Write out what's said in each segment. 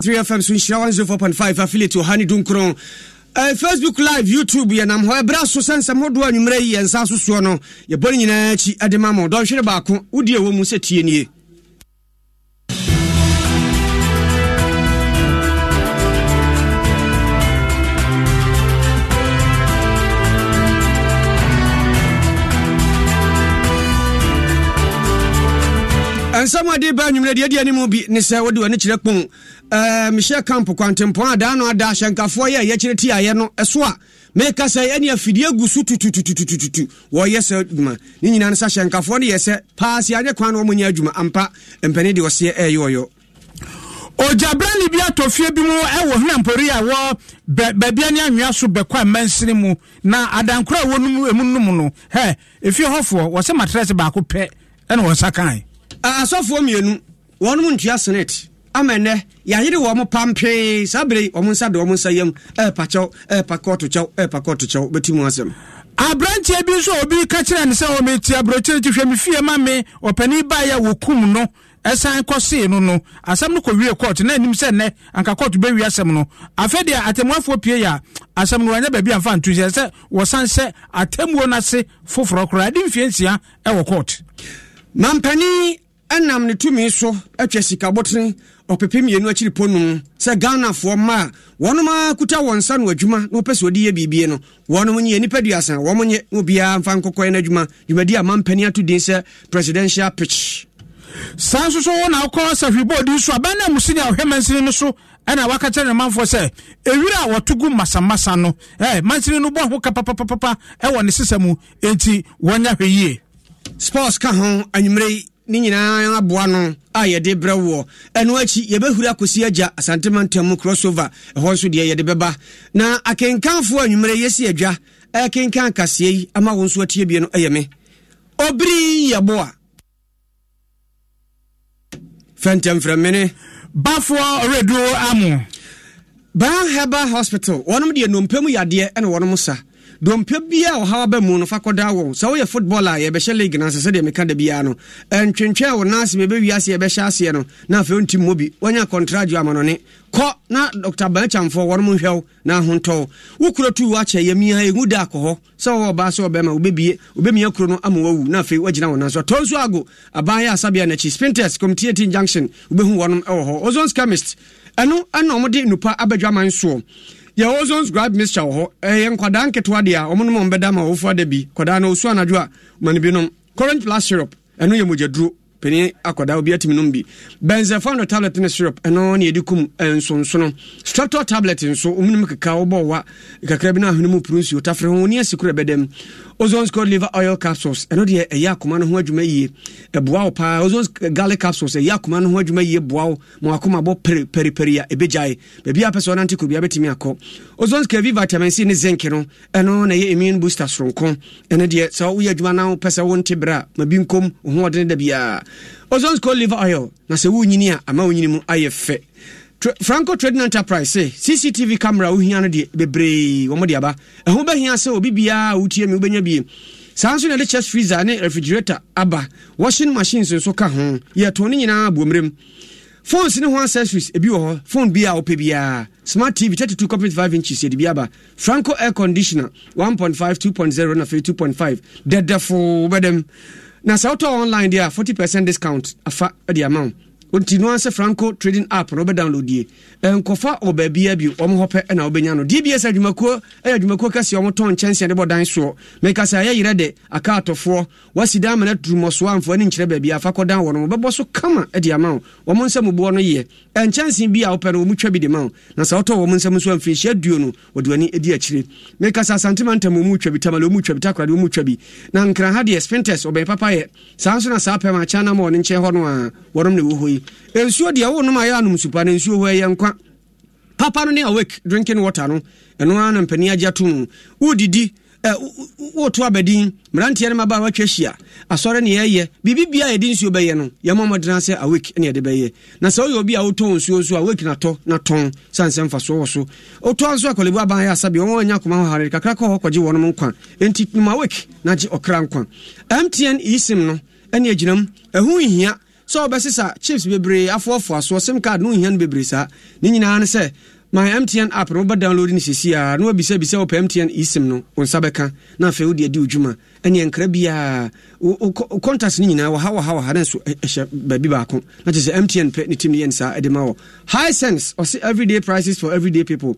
3fm so nhyira 104.5 affiliate ɔhane dunkron Uh, facebook live youtube yɛnam hɔ ɛberɛ so sɛ nsɛm hodoɔ anwummerɛ yi yɛnsa sosoɔ no yɛbɔ no nyinaa akyi de ma ma dɔnhwere baako wodie wɔ mu sɛ tie nie nsɛm ade ba nwummerɛ deɛ deɛ ne mu bi ne sɛ wode w'ani kyerɛ kpon mehyɛ camp kwantempɔn adaa no ada ahyɛnkafoɔ yɛ yɛkyerɛ tiaeɛ no ɛso a meka sɛ ɛne afidie gu so tutututututu wɔyɛ sɛ adwuma ne nyinaa no sɛ ahyɛnkafoɔ no yɛ sɛ paasiade kwan no wɔmɔnya adwuma ampa mpani deɛ ɔseɛ ɛyɛ ɔyɔ ogyabrani bi atɔ fie bi mu ɛwɔ hena mpori a wɔ baabi ne anwea so bɛkɔ a mansini mu na adankora a wɔnom ɛmu nom no hɛ ɛfie hɔfoɔ wɔsɛ matrɛse baako pɛ ɛna wɔsa kan asɔfoɔ mmienu wɔnom ntua senate ama ɛnɛ yɛayere wɔ mo pampee saa bere ɔmo nsa de ɔmo nsa yam ɛɛpa kyɛw ɛɛpa kɔɔto kyɛw ɛɛpa kɔɔto kyɛw bɛti mu asɛm aberanteɛ bi nso a obi ka kyerɛ ne sɛ ɔmeti oh, aborɔkyere ti hwɛ me fie ma me ɔpani baeɛ wɔkum no ɛsan kɔsee no no asɛm no kɔwie court na anim sɛ nnɛ anka court bɛwie asɛm no deɛ atemmuafoɔ pie yɛ a asɛm no wanyɛ baabi amfa nto sɛ sɛ wɔsan sɛ atemmuo no ase foforɔ koraa mfie nsia ɛwɔ court mampanin ɛnam ne tumi so atwa sikabotene ɔpepe mmienu akyiri po num sɛ ghanafoɔ mma a wɔnom akuta wɔn nsa no adwuma na wɔpɛ sɛ wɔde yɛ biribie no wɔnom nyɛ nnipa duasa wɔm nyɛ na obiara mfa nkɔkɔɛ no adwuma dwumadi a mampani ato din sɛ presidential pitch saa nso so wo na wokɔ sahwebɔɔdi so abɛn na musini a ɔhwɛ mansini no so ɛna waka kyerɛ ne manfoɔ sɛ ɛwira a wɔto gu masamasa no eh, mansini no bɔ ho kapapapapa ɛwɔ ne sesa mu enti wɔnyɛ hwɛ yie sports ka ho anwummerɛ ne nyinaa aboa no a yɛde brɛ woɔ ɛno akyi yɛbɛhuri akɔsi agya asantemantam mu crossover ɛhɔ nso deɛ yɛde bɛba na akenkanfoɔ anwummerɛ yɛsi adwa ɛkenkan kaseɛ yi ama wo nso atie bie no ɛyɛ me obiri yɛboa fɛntɛmfrɛmene bafoɔ reduo amo ban heba hospital wɔnom deɛ nnompɛ mu yadeɛ ɛne wɔnom sa dompɛ bia ɔhaw bɛ mu no fa kɔda wɔ sɛ woyɛ football a yɛbɛhyɛ league nasɛ sɛdeɛ meka da biaa no ɛntwentwɛn wo nase mebɛwiase yɛbɛhyɛ aseɛ no na afei wontim mɔ bi wanya contradio ama nɔne kɔ na dr banachamfoɔ wɔno mo nhwɛw na ahontɔ wo kuro tu wakyɛ yɛmia ɛhu da akɔ hɔ sɛ wɔwɔ ɔbaa sɛ ɔbɛma wobɛbie wobɛmia kuro no ama wawu na afei woagyina wɔna so atɔ nso ago abaa yɛ asabea n'akyi spintes comtiatin junction wobɛhu wɔnom ɛwɔ hɔ ozons chemist ɛno ɛna ɔmode nnupa abadwaman soɔ yɛwɔ zone scribe mixture wɔ hɔ ɛyɛ nkwadaa nketewa deɛ a ɔmo nom ɔmo bɛda ma ɔwofo ada bi nkwadaa no osu anadwo a ma no bi nom current plus syrup ɛno yɛ mogyaduro panyin akwadaa obi atumi nom bi benzefano tablet ne syrup ɛno ne yɛde kum nsonsono streptol tablet nso omunum keka wobɔ wa kakra bi no ahwene mu puru nsuo tafere ho ne asi kora bɛdam ozone scod liver oil capsules ɛno deɛ ɛyɛ akoma no ho adwuma yie ɛboa wo paa ozone eh, garlic capsules ɛyɛ akoma no ho adwuma yie boa wo ma wakoma bɔ periperi a ɛbɛgyae baabi a pɛ sɛ ɔnante kurobia bɛtumi akɔ ozone scavi eh, vitamin c ne zinc no ɛno na ɛyɛ immune booster soronko ɛno deɛ sɛ woyɛ adwuma na wopɛ sɛ wonte berɛ a mabi nkom wo da biara ozone called liver oil na sɛ wonyini a ama wonyini mu ayɛ fɛ franco trading enterprise se eh, cctv camera wohia no deɛ bebree wɔmde aba ɛho bɛhia sɛ obi biaa wotie me wobɛnya bie saa nso na de chest freezer ne refrigerator aba washing machines nso ka ho yɛto ne nyinaa bomerem phones ne ho accessories ebi wɔ hɔ phone bi a wopɛ biara smart tv 32.5 inches yɛde bi aba franco air conditioner 1.5 2.0 na afei 2.5 dɛdɛfo wobɛdɛm na sɛ wotɔ online deɛ a 40 percent discount afa de ama wo nti sɛ franco trading app na wobɛdownloadie nkɔfa wɔ baabia bio ɔmo hɔ pɛ ɛna wobɛnya no deɛ bia sɛ adwumakuo ɛyɛ adwumakuo kɛseɛ ɔmo tɔn nkyɛnsee de bɔ dan soɔ meka sɛ ayɛ yerɛ de akaatɔfoɔ wasi dan mana turumɔsoa amfoɔ ne nkyerɛ baabia afa kɔdan wɔ no wobɛbɔ so kama de ama wo ɔmo nsɛ muboɔ no yɛ ɛnkyɛnsee bi a wopɛ no wɔmu bi de ma wo na sɛ wotɔ wɔ mo nsɛm nso a mfirinhyia duo no wɔde w'ani adi akyire meka sɛ asantema ntam ɔmu twa bi tamale ɔmu twa bi takorade ɔmu twa bi na nkraha deɛ spintes ɔbɛn papa yɛ saa nso na saa pɛ ma akyɛ anam wɔ ne nkyɛn hɔ no a wɔnom ne wɔ yi yi nsuo deɛ wo nom a yɛ anom supa no nsuo hɔ ɛyɛ nkwa papa no ne awake drinking water no ɛno ara na mpani agye ato mu wodidi woto abadin mmeranteɛ no maba a watwa hyia asɔre ne yɛyɛ biribi bia yɛde nsuo bɛyɛ no yɛma mmɔdena sɛ awake ne yɛde bɛyɛ na sɛ woyɛ obi a wotɔn nsuo nso awake natɔ na tɔn sane sɛ mfasoɔ wɔ so wotɔ nso akɔlebu aban yɛ asabi wɔn anya akoma hohare kakra kɔ hɔ kɔgye wɔnom nkwa enti nom awake na gye ɔkra nkwa mtn esim no ɛne agyinam ɛho nhia So wɔbɛse sa chips bebree afoafoa soɔ sim card no nhia no bebree saa ne nyinaa ne sɛ My mtn app no wobɛ download no sɛsiaa na wabisabisa wopɛ mtn esim no wo nsa bɛka na afei wode adi odwuma ɛneɛ nkra biaa contact no nyinaa waha waha waha na nso ɛhyɛ baabi baako na kyɛ sɛ mtn pɛ ne tim no yɛ ne saa ɛde ma wɔ high sense ɔse everyday prices for everyday people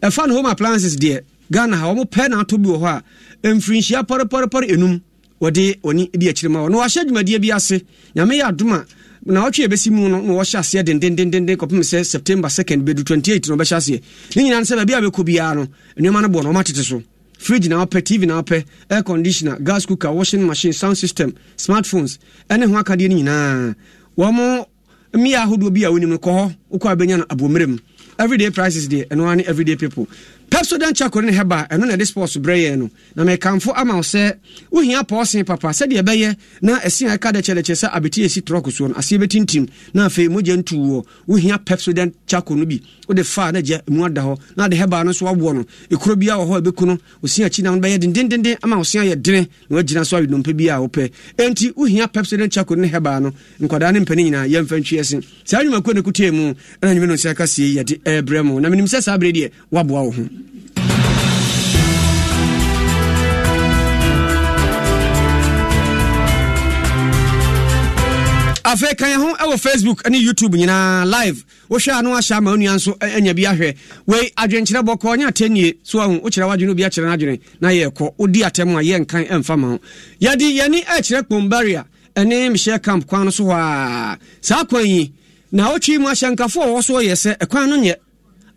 ɛfa no home appliances deɛ ghana ha wɔmo pɛ na atɔ bi wɔ hɔ a mfirinhyia pɔrepɔrepɔre enum wɔde wɔne di akyiri ma wɔ na wɔahyɛ adwumadeɛ bi ase nyame yɛ adoma na wɔtwe yɛbɛsi mu no na wɔhyɛ aseɛ dendendenden kɔpem sɛ september second bedu bɛdu 28 na wɔbɛhyɛ aseɛ ne nyinaa no sɛ baabi a bɛkɔ biara no nneɛma no boɔ no ɔmatete so fridge na wopɛ tv na wopɛ air conditioner gas cooker washing machine sound system smartphones ɛne ho akadeɛ no nyinaa wɔn mmea ahodoɔ bi a wɔnim no kɔ hɔ wokɔ a no abɔmmerɛ everyday prices deɛ ɛno ara ne everyday people pepsodent chakore ne heba ɛno na ɛde sports berɛ yɛ no na mekamfo ama wo sɛ wohia pɔɔsen papa sɛdeɛ ɛbɛyɛ na ɛse a ɛka dɛkyɛdɛkyɛ sɛ abɛti ɛsi trɔko soɔ no aseɛ bɛtintim na afei mogya ntuwɔ wohia pepsodent chako no bi wode faa na gya mu ada hɔ na de hɛbaa no nso waboɔ no ɛkuro bia wɔ hɔ ɛbɛku no ɔsi akyi na no bɛyɛ dendendenden ama ɔsi ayɛ dene na wagyina so awe nnompa bi a wopɛ enti wohia pepsodent chako ne hɛbaa no nkwadaa ne mpani nyinaa yɛmfa ntwi ase saa nnwumakuo ne kutie mu ɛna nwume no nsa ka sie yɛde ɛɛbrɛ mu na menim sɛ saa berɛ deɛ woaboa wo ho afei kan ho wɔ facebook ne youtube nyinaa live wohwɛ a no ahyɛ ama onua nso anya bi ahwɛ wei adwenkyerɛ bɔ kɔɔ nyɛ atɛnnie so ahu wokyerɛ w'adwene obi akyerɛ no adwene na yɛkɔ wodi atɛm a yɛnkan ɛmfa ma ho yɛde yɛne ɛkyerɛ kpombaria ɛne mehyɛ camp kwan no so hɔ a saa kwan yi na wotwi mu ahyɛnkafoɔ a wɔwɔ so yɛ sɛ ɛkwan no nyɛ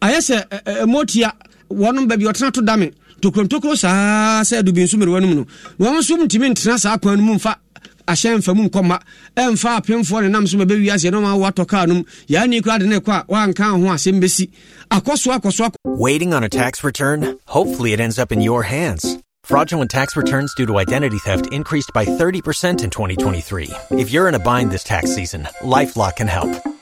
ayɛ sɛ motia wɔnom baabi ɔtena to dame tokuromtokuro saa sɛ adubi nso mmere wɔ no mu no na wɔn nso ntumi ntena saa kwan no mu mfa ahyɛn mfamu nkɔma ɛmfa apemfoɔ ne nam so bɛbɛwi aseɛ na ɔma kaa nom yaa ni kura de ne kɔ a wanka ho asɛm bɛsi akɔso akɔso akɔ. waiting on a tax return hopefully it ends up in your hands. Fraudulent tax returns due to identity theft increased by 30% in 2023. If you're in a bind this tax season, LifeLock can help.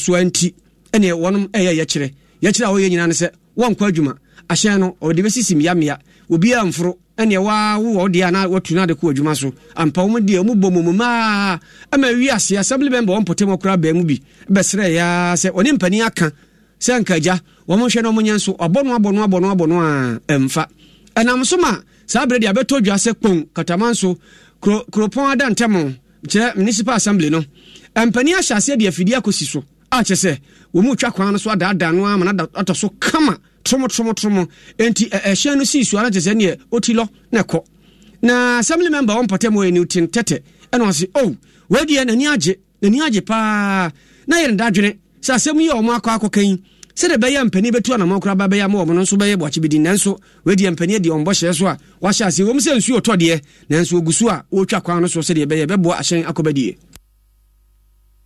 soa nti ɛneɛ wɔnom ɛyɛ yɛkyerɛ yɛkyerɛ a wɔyɛ nyinaa ne sɛ wɔnkɔ adwuma ahyɛn no ɔde bɛsisi mmeammea obiaa mforo ɛneɛ waa wowɔ deɛ ana watu no ade kɔ adwuma so ampa wo mu deɛ ɔmu bɔ momu maa ama wi aseɛ assembly member ɔmpɔtam koraa baa mu bi bɛserɛyɛa sɛ ɔne mpani aka sɛ nkagya wɔmonhwɛ no ɔmonyɛ nso ɔbɔ no abɔ no abɔ no abɔ no a ɛmfa ɛnam so ma saa berɛ deɛ abɛtɔ dwa sɛ kpon katama nso kuropɔn ada ntɛm kyerɛ municipal assembly no mpani ahyɛ aseɛ de afidie akɔsi so akyɛ ah, sɛ wɔn mu twa kwan no so adaadaa no ama na atɔ so kama tromtromtrom enti ɛhyɛn no sii suara kyɛ sɛ neɛ ɔti lɔ na ɛkɔ na assembly member wɔ mpɔtam wɔ ɛniw ten tɛtɛ ɛna ɔse o oh, wɔadiɛ n'ani agye n'ani agye paa na yɛ ne da adwene sɛ asɛm yi a ɔmo akɔ akɔka yi sɛdeɛ bɛyɛ mpanin bɛtu anamɔ koraa ba bɛyɛ ama wɔn nso bɛyɛ bɔkye bi di nanso wɔadiɛ mpanin adi ɔmo bɔhyɛ so a wahyɛ aseɛ wɔm sɛ nsuo tɔ deɛ nanso ogu so a wɔretwa kwan no so sɛdeɛ bɛyɛ bɛboa ahyɛn akɔbɛdie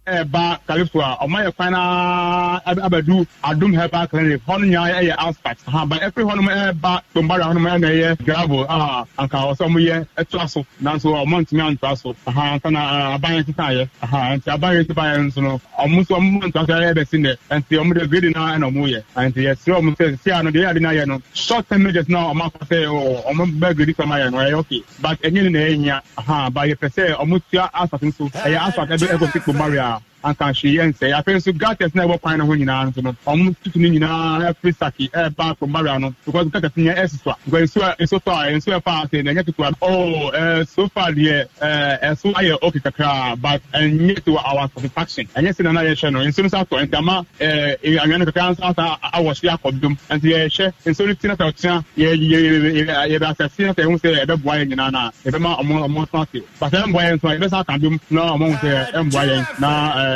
ɛɛba kalifo a ɔmo ayɛ kwan na abɛdu adum herbal clinic hɔ no nyinaa ɛyɛ aspat ha ba ɛfiri hɔ nom ɛɛba tombara hɔ nom ɛna ɛyɛ gravel a anka ɔsɛ ɔmo yɛ ɛtoa so nanso ɔmo ntumi antoa so aha nsa na aban yɛ teta yɛ aha nti aban yɛ teta yɛ nso no ɔmo nso ɔmo ntoa so ɛyɛ bɛsi nɛ nti ɔmo de grade na ɛna ɔmo yɛ nti yɛsrɛ ɔmo sɛ si ano deɛ yɛ ade na yɛ no short term measures na ɔmo akɔ sɛ ɔmo bɛ grade sama yɛ no ɛyɛ okay but ɛnyɛ ne na ɛyɛ nya aha ba yɛpɛ sɛ ɔmo tua aspat nso ɛyɛ aspat ɛbɛ ɛkɔ si tombara a nkanhyereɛ nsɛe afei nso gates na ɛwɔ kwan no ho nyinaa nso no ɔmo tutu no nyinaa ɛfiri saki ɛɛba akpɔmbaria no because gates no yɛ ɛsosɔ nka nsuo nso tɔ a nsuo ɛfa ase na ɛnyɛ ketewa oh ɛɛ so far deɛ ɛɛ ɛso ayɛ okay kakra but ɛnyɛ to our satisfaction ɛnyɛ sɛ nana yɛhwɛ no nsuo no nso atɔ ntama ɛɛ anwea no kakra nso asa awɔ hye akɔ dom nti yɛhwɛ nsuo no ti na sɛ ɔtena yɛ yɛ yɛ yɛ bɛ asase na sɛ ɛho sɛ ɛbɛboa yɛ nyinaa na ɛbɛma ɔmo ɔmo nso ase but ɛmboa yɛn nso ɛbɛsa aka dom na ɔmo nso ɛmboa yɛn na ɛɛ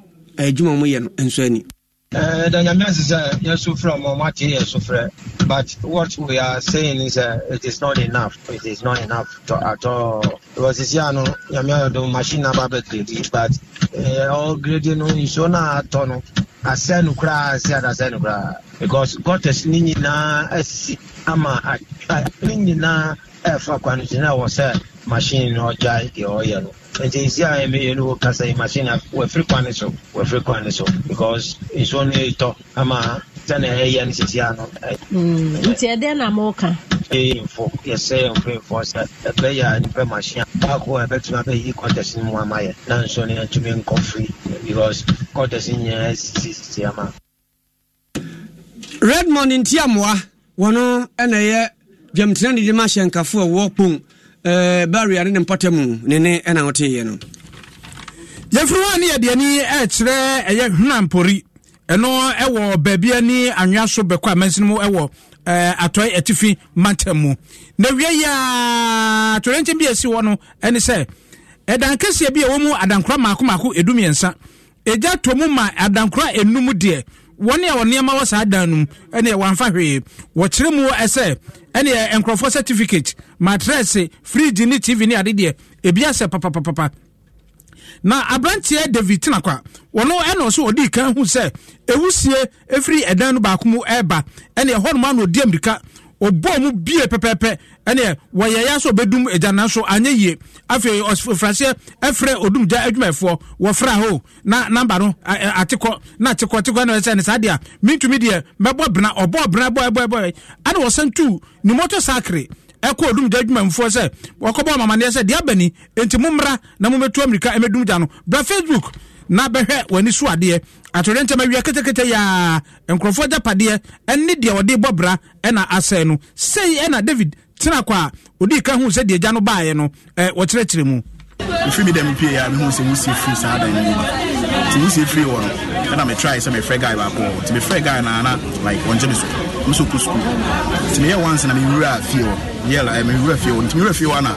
adwuma mu yɛ no nso ani eh, da nyame ase sɛ yɛsu frɛ mɔ moate yɛ so but what we are saying is uh, it is not enough it is not enough to, at all because sisi ano nyame ayɔdo machine naba bɛgredi but ɔgredi eh, no nsuo no atɔ no asɛ no koraa asɛ adasɛ no koraa because gottes ne nyinaa asi ama ne nyinaa ɛfa kwan no gyina wɔ sɛ machine no ɔgyae deɛ ɔyɛ no nti esi a mmeyɛ no kasa yi machine a wɔafiri kwan so wɔafiri kwan so because nsuo eh, no ɛtɔ ama sɛnea ɛyɛ no sisi ano. nti ɛdɛn na moka. ka. mfo yɛsɛ mfrɛmfo sɛ ɛbɛyɛ nipɛ machine a baako a ɛbɛtumi abɛyi contest no mu ama yɛ na nsuo no yɛntumi nkɔ firi because contest nyinaa sisisisi ama. redmond ntiamoa wɔn na ɛyɛ dwamtena ne de ma hyɛ a wɔwɔ Eh, Barry, ne ne mpɔtamu ne ne ɛna woteeɛ no yɛmfiri hɔ ne yɛdeɛ ni ɛkyerɛ ɛyɛ hena mpori ɛno ɛwɔ baabi ani anwea so bɛkɔ a mansini mu ɛwɔ eh, atɔe atifi mantam mu na wie yi a torɛnkyɛm bi ɛsi hɔ no ɛne sɛ ɛdan kɛseɛ bi a ɛwɔ mu adankora maako maako ɛdu mmiɛnsa ɛgya tɔ mu ma adankora ɛnum deɛ wɔne a nneɛma wɔ saa dan no mu ɛne wɔamfa hwee wɔkyerɛ mu ɛsɛ ɛne nkurɔfoɔ certificate matress fridge ne tv ne ade ebi asɛ papapapapa na aberanteɛ david tenakwa wɔno ɛna ɔso ɔde ka ho sɛ ewusie efiri ɛdan no baako mu ɛreba ɛna ɛhɔnom nom ana ɔdi amirika ɔbɔɔ mu bie pɛpɛɛpɛ ɛneɛ wɔyɛ yɛ sɛ ɔbɛdum agyana so anyɛ yie afei ɔfraseɛ ɛfrɛ ɔdumgya adwumayɛfoɔ wɔfra ho na namba no atekɔ na atekɔ atekɔ ɛna ɛsɛ ne saa deɛ a mentumi deɛ mɛbɔ bena ɔbɔɔ bena bɔɛbɔɛbɔɛ ana wɔsan tuu ne mɔtɔ saakere ɛkɔ odum gya adwumanfoɔ sɛ wɔkɔbɔ amamanneɛ sɛ deɛ abani enti mommra na mobɛtu amirika ɛmɛdum gya no bra facebook na bɛhwɛ w'ani so adeɛ atwerɛ ntɛm awia ketekete yɛa nkurɔfoɔ agyapadeɛ ɛne deɛ wɔde bɔ bra ɛna asɛe no sei ɛna david tena kɔ a ɔdii ka hu sɛ deɛ agya no baeɛ no eh, wɔkyerɛkyerɛ mu mfiri mi dɛm pie a mehu sɛ wosie firi saa dan no mu nti wosie firi wɔ no ɛna metry sɛ mefrɛ guy baako nti mefrɛ guy na na like ɔngye me so mso kɔ sukuu nti meyɛ once na mewura fie hɔ yɛla mewura fie hɔ nti mewura fie hɔ ana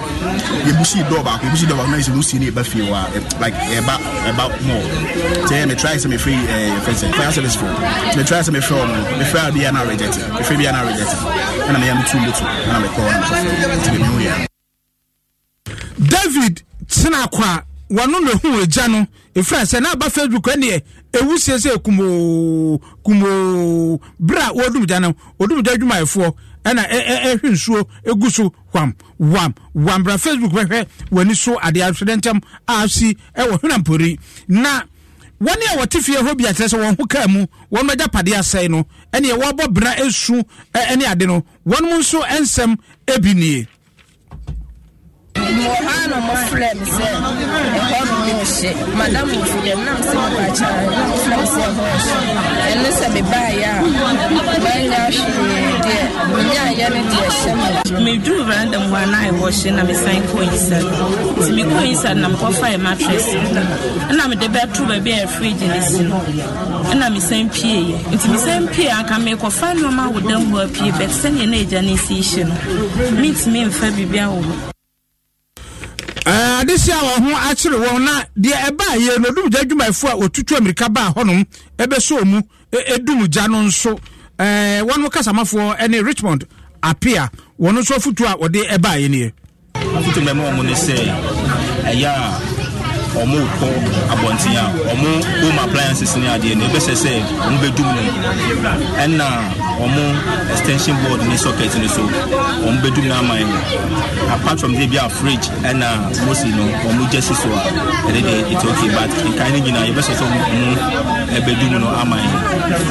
yɛbusi dɔɔ baako yɛbusi dɔɔ baako na yɛ sɛ wusie ne yɛba fie hɔ a like ɛba ɛba mɔɔ nti ɛyɛ metry sɛ mefrɛ ɛɛ fɛn sɛ fire service fo nti metry sɛ mefrɛ ɔmo mefrɛ a bi na reject mefrɛ bi a na reject ɛna meyɛ metu mbutu ɛna mekɔ ɛna mekɔ nti mehu yɛ. david tena akɔ a wɔno na ɛhu ɛgya no ɛfiri sɛ na aba facebook ɛneɛ eh, ewu siesie kumoo kumoo bere a wɔdum gya no wɔdum gya adwumayɛfoɔ ɛna ɛhwe nsuo egu so wam wam wam bra facebook bɛhwɛ w'ani so adeɛ ahwɛdɛ ntɛm a asi ɛwɔ hwenampori na wɔn a wɔte fie hɔ bi akyerɛ sɛ wɔn ho kaa mu wɔn agya padeɛ asɛe no ɛne wɔabɔ bra esu ɛne ade no wɔn nso nsɛm ebi nie ha no mɔfrɛ me sɛ ɛhɔ no mehye madam ɔfi dɛm nam sɛ mebakya na mofrɛ me sɛ ɛhɔ hye ɛne sɛ mebaeɛ a maanya hwee deɛ menyaayɛ no deɛ hyɛ me meduru random hɔ a na ɛhɔ hye na mesan kɔ yisa nti mekɔ yisa na mekɔfa ɛ matress ɛna mede bɛto baabi a ɛfrigye no si no ɛna mesan pieeɛ nti mesan pie anka mekɔfa nnoɔma a woda hɔ apue bɛt sɛneɛ na agya no si hye no mentumi mfa biribi awɔ Eh, adesi a wɔn ho akyere wɔn na deɛ ɛbaa yie no odum gya adwumayɛfo a wɔtutu amirika baa hɔnom ɛbɛsɔ mu ɛdum e, gya no nso ɛɛ eh, wɔn kasamafoɔ ɛne richmond apia wɔn nso afutuo a wɔde ɛbaa yie nie. afutuo mɛmɔ wɔn ne sɛ ɛyɛ a. ɔmo kɔ abɔnten a ɔmo home appliances ne adeɛ no ɛbɛsɛ sɛ ɔmo bɛdum no ɛna ɔmo extension board ne socket ọmụ so ɔmo bɛdum no ama apart from de bi a fridge ɛna mostly no ɔmo gye si so a ɛde deɛ it's okay but nkae no nyinaa yɛbɛsɛ sɛ ɔmo ɛbɛdum no ama yɛ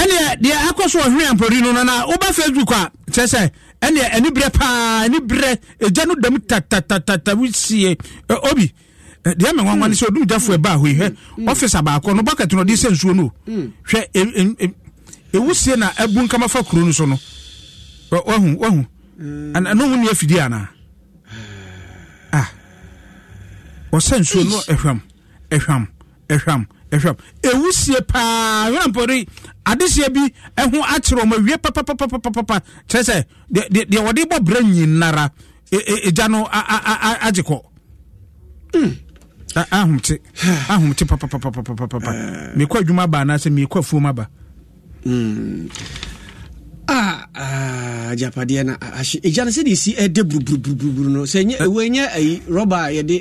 ɛneɛ deɛ akɔ so ɔhwene ampɔri no no na wobɛ facebook a kyɛ sɛ ɛne ɛne berɛ paa ɛne berɛ ɛgya e, no dam tatatata wosie e, obi deɛ me nwanwa ne sɛ ɔdum gyafo ɛbaa hɔ hwɛ ɔfisa baakɔ no bucket no ɔde sɛ nsuo no mm. hwɛ ɛwusie e, na abu nkama fa kuro no so no wahu wahu ɛno mm. ho ne afidie anaa ah. ɔsɛ nsuo no ɛhwam ɛhwam ɛhwam ɛhwɛm ewusie paa rampɔri adesie bi ɛho akyerɛ ɔmo awie papapapapapa kyerɛ sɛ deɛ deɛ wɔde bɔ brɛ nyinara e, e, egya no agye kɔ hmm. ahomte ahomte papapapapapa eh. mekɔ adwuma aba anaasɛ mekɔ afuom aba. Hmm. Ah, ah agyapadeɛ no ahye ɛgya no sɛdeɛ ɛsi ɛdɛ buruburuburuburu no sɛ ɛwei ayi rɔba a yɛde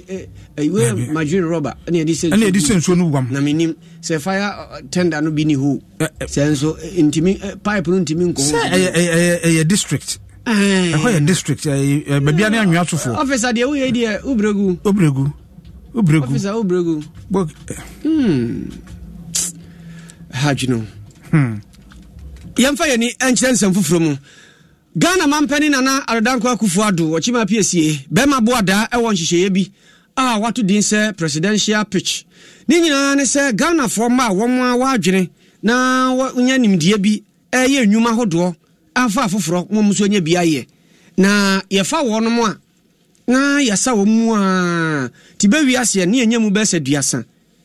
ɛwei madwin rɔba ɛne yɛde sɛ nsuo no wam na menim sɛ fire tender no bi ne ho sɛ nso ntimi pipe no ntimi nkɔ district ɛhɔ yɛ district baabia ne anwea sofoɔ ɔfisa deɛ woyɛ deɛ wobrɛgu wobrɛgu wobrɛgu ɔfisa wobrɛgu hmm. hmm. yɛmfa yɛni ɛnkyerɛ nsɛm foforɔ mu ghana mampani nana adadankwa akufo ado ɔkyima piesie bɛrima boadaa ɛwɔ nhyehyɛeɛ bi a wato din sɛ presidential pitch ne nyinaa ne sɛ ghanafoɔ mma a wɔn a wɔadwene na wɔnya nimdeɛ bi ɛyɛ nnwuma ahodoɔ afa afoforɔ mo nso nyɛ bi ayɛ na yɛfa wɔn mo a na yɛsa wɔn mu a te bɛwi aseɛ ne yɛnyɛ mu bɛsɛ duasa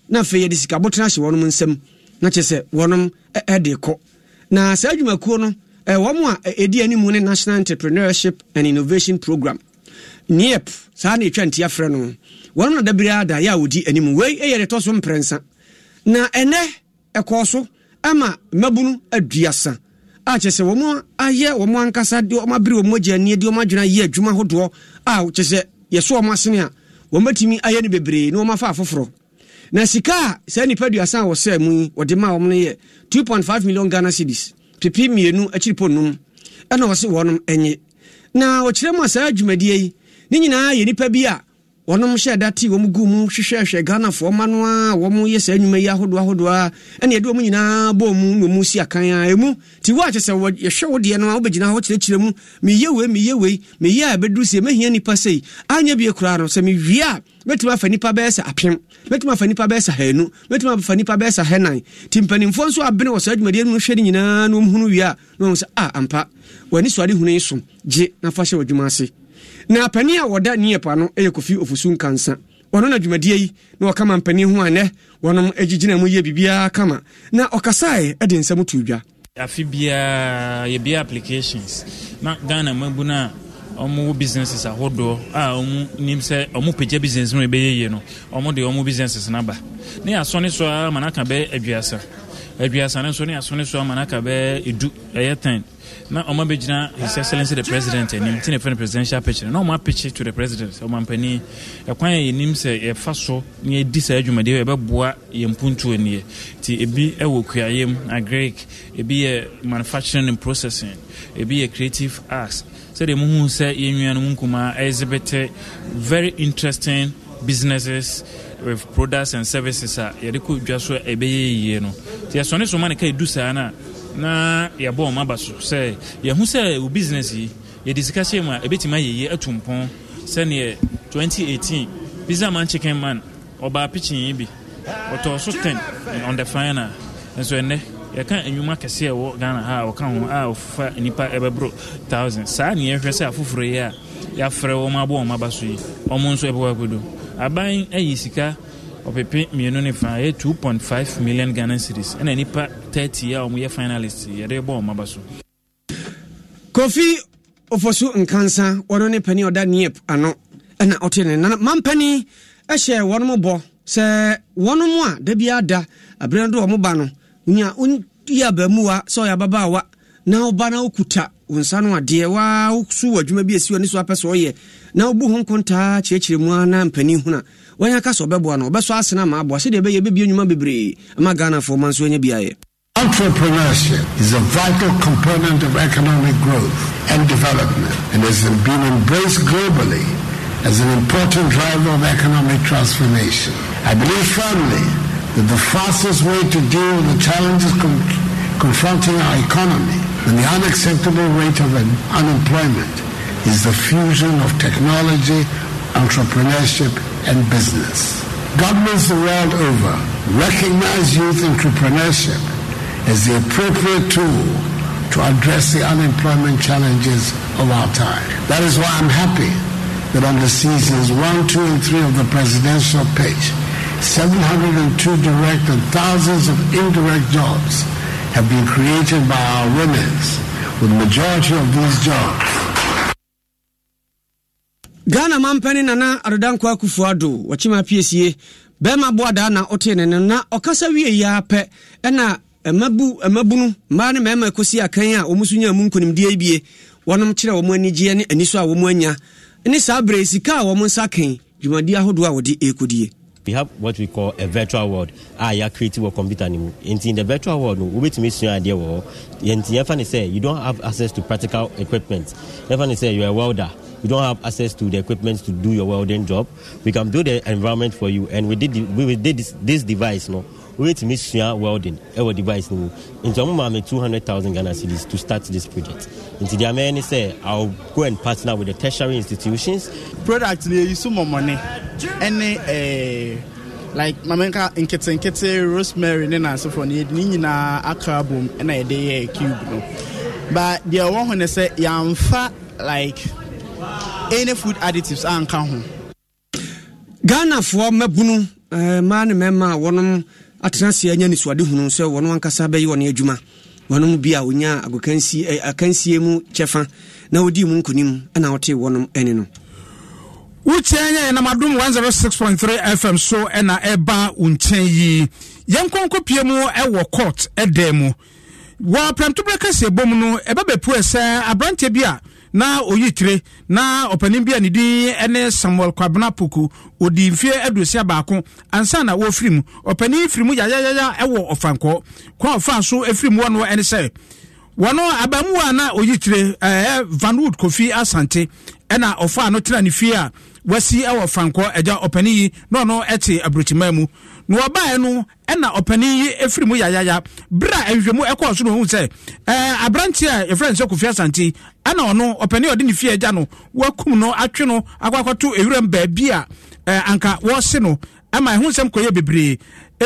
na afei yɛde sika botena ahyɛ wɔn nsam na kyerɛ sɛ wɔn ɛde kɔ na saa adwumakuo no Eh, wɔn a ɛdi eh, anim ne national entrepreneurship and innovation program niep saa na etwa ntia frɛ no wɔn na dabere ada yɛ a wodi anim wei eh, yɛ de so mprɛnsa na ɛnɛ ɛkɔɔ so ama mmabunu aduasa a kyerɛ sɛ wɔn ayɛ wɔn ankasa de wɔn abiri wɔn agya nie de wɔn adwene ayɛ adwuma ahodoɔ a kyerɛ sɛ yɛso wɔn asene a wɔn bɛtumi ayɛ no bebree na wɔn afa afoforɔ na sika a saa nipa aduasa a wɔsɛɛ mu yi wɔde ma wɔn no yɛ two point five million ghana cedis pepi mmienu akyiri po num ɛna ɔse wɔnom ɛnye na ɔkyerɛ mu a saa yi ne nyinaa yɛ nipa bi a wɔnom hyɛ da te wɔm gu mu hwehwɛhwɛ ghanafoɔ ma no a wɔm yɛ saa nnwuma yi ahodoɔ ahodoɔ a ɛne ɛde wɔm nyinaa bɔɔ mu na mu si akan a ɛmu nti woakyɛ sɛ yɛhwɛ wo deɛ no a wobɛgyina hɔ kyerɛkyerɛ mu meyɛ wei meyɛ wei meyɛ a ɛbɛduru sie mɛhia nnipa sei anyɛ bie koraa no sɛ mewie a mɛtumi afa nipa bɛyɛ sɛ apem mɛtumi afa nipa bɛyɛ sɛ haanu mɛtumi afa nipa bɛyɛ sɛ hɛnan nti mpanimfoɔ nso abene wɔ saa adwumadeɛ no hwɛ no nyinaa na ɔmhunu wie a na ɔhu sɛ a ah, ampa w'ani soade hunu yi so gye na fa hyɛ w'adwuma ase na panin a wɔda neɛpa no yɛ kofi ofusu nkansa ɔno no adwumadeɛ yi na ɔkama mpanin ho anɛ wɔnom agyigyina mu yɛ biribiaa kama na ɔkasaeɛ de nsɛm to dwa afe biaa yɛbia applications na ghana mabu na a ɔmo businesses ahodoɔ a ɔmo nim sɛ ɔmo pagya business no ɛbɛyɛ yie no ɔmo de ɔmo businesses no ba ne yɛasɔne so a ma no aka bɛyɛ aduasa aduasa no nso ne yɛasɔne so a ma no edu ɛyɛ ten na ɔma bɛgyina his excellency the president anim nti na ɛfɛ no presidential pitch no na ɔma pitch to the president ɔmampani ɛkwan a yɛnim sɛ yɛfa so na yɛdi saa adwumadeɛ yɛbɛboa yɛn mpuntuo nniɛ nti ebi wɔ kuayam agric ebi yɛ manufacturing and processing ebi yɛ creative arts sɛdeɛ muhu sɛ yɛnnwua no mu nkumaa ɛyɛzebɛtɛ very interesting businesses with products and services a yɛde kɔ dwa so ɛbɛyɛ yie no nti yɛsɔne soma ne ka ɛdu saa no a na yɛbɔ ɔma aba so sɛ yɛhu sɛ wo business yi yɛde sika hyɛ mu a ɛbɛtumi ayɛ yie mpɔn sɛneɛ 2018 pizza man chicken man ɔbaa pikyin bi ɔtɔɔ so 10 on the final nso ɛnnɛ yɛka nnwuma kɛseɛ ɛwɔ ghana ha a ɔka ho a ɔfa nnipa ɛbɛboro 1000 saa ne yɛhwɛ sɛ afoforo yi a yɛafrɛ wɔm abɔ ɔma aba so yi ɔmo nso ɛbɛwɔ akodo aban ayi sika ɔpepe mmienu ne fa ɛyɛ 2.5 million ghana series ɛna nnipa 30 a wɔyɛ finalist yɛde bɔ wɔn maba so kofi ofosu nkansa wɔno ne pani ɔda niep ano ɛna ɔte ne nana mampani ɛhyɛ wɔn mo bɔ sɛ wɔn mo a da bi ada abirɛ no do wɔn ba no nya yi abamuwa sɛ ɔyɛ ababaawa na ɔba na ɔkuta wo nsa no adeɛ waa wosu wɔ adwuma bi asi ɔne so apɛ sɛ ɔyɛ na wobu ho nkontaa kyerɛkyerɛ mu a na mpanin huna wɔnyɛ ka sɛ ɔbɛboa no ɔbɛsɔ asena ma aboa sɛdeɛ ɛbɛyɛ bɛbia nnwuma bebree ama ghanafoɔ ma nso anya biayɛ Entrepreneurship is a vital component of economic growth and development and has been embraced globally as an important driver of economic transformation. I believe firmly that the fastest way to deal with the challenges con- confronting our economy and the unacceptable rate of un- unemployment is the fusion of technology, entrepreneurship, and business. Governments the world over recognize youth entrepreneurship is the appropriate tool to address the unemployment challenges of our time. That is why I'm happy that under seasons 1, 2, and 3 of the presidential page, 702 direct and thousands of indirect jobs have been created by our women's, with the majority of these jobs ghana mampani nana adodankɔ akufo ado wɔkyema piesie bɛrima na ɔtee na okasa wie yi ara mmabunu mmaa ne mmarima ɛkɔsi akan a wɔn nso nya mu nkonimdie bie wɔnom kyerɛ wɔn anigyeɛ ne anisɔ a wɔn anya ne saa bere sika a wɔn nsa kan dwumadie ahodoɔ a wɔde ekodie. we have what we call a virtual world ah, a yɛ creative wɔ computer ne mu nti in the virtual world no wobɛtumi sua adeɛ wɔ hɔ nti yɛmfa ne sɛ you don't have access to practical equipment yɛmfa ne sɛ you are welder you don't have access to the equipment to do your welding job we can build the environment for you and we did we did this, this device no wɔbɛtumi sua welding ɛwɔ device no mu nti ɔmo maa 200000 ghana cedis to start this project nti deɛ amɛyɛ ne sɛ will go and partner with the tertiary institutions product no sumo so mmɔmmɔne ɛne eh, like mamenka nketenkete rosemary ne nansefoɔ no yɛde ne nyinaa akara abom ɛna yɛde yɛ cube no but deɛ ɔwɔ ho ne sɛ yɛamfa like any food additives anka ho ghanafoɔ mmabunu mmaa eh, ne mmarima a wɔnom atena ase anya nisuadehunu sɛ wɔno ankasa bɛyɛ wɔne adwuma wɔnom bi a ɔnya eh, akansie mu kyɛfa na ɔdii mu nkonim ɛna wɔte wɔnom ani no one zero oh six point three fm so ɛna ɛba wo nkyɛn yi yɛnkɔnkɔ pie mu ɛwɔ court ɛdan mu wɔ prɛmtoberɛ kɛseɛ bom no ɛbɛbɛpue sɛ aberanteɛ bi a na oyi tire na ɔpanin bi a ne din ne samuel kwabena poku odi mfeɛ aduosia baako ansa na wɔfiri mu ɔpanin firi mu yayayaya wɔ ɔfankɔɔ kwan ɔfa so firi mu wɔn ne sɛ wɔn abamuwa na oyi tire ɛɛ vanwood kofi asante ɛna ɔfa ano tena ne fie a wasi wɔ fankɔɔ agya ɔpanin yi na ɔno te aburokyima mu na wɔbaeɛ no ɛna ɔpanin yi efiri mu yayaya bere a ahwehwɛmu ɛkɔɔ so no ɔhu sɛ aberanteɛ a yɛfrɛ nsɛ sɛ kofi asante ɛna ɔno ɔpanin a ɔde ne fie gya no wakum no atwe no akɔ akɔto ewuram baabi a ɛɛ anka wɔse no ɛma ɛho nsɛm kɔyɛ bebree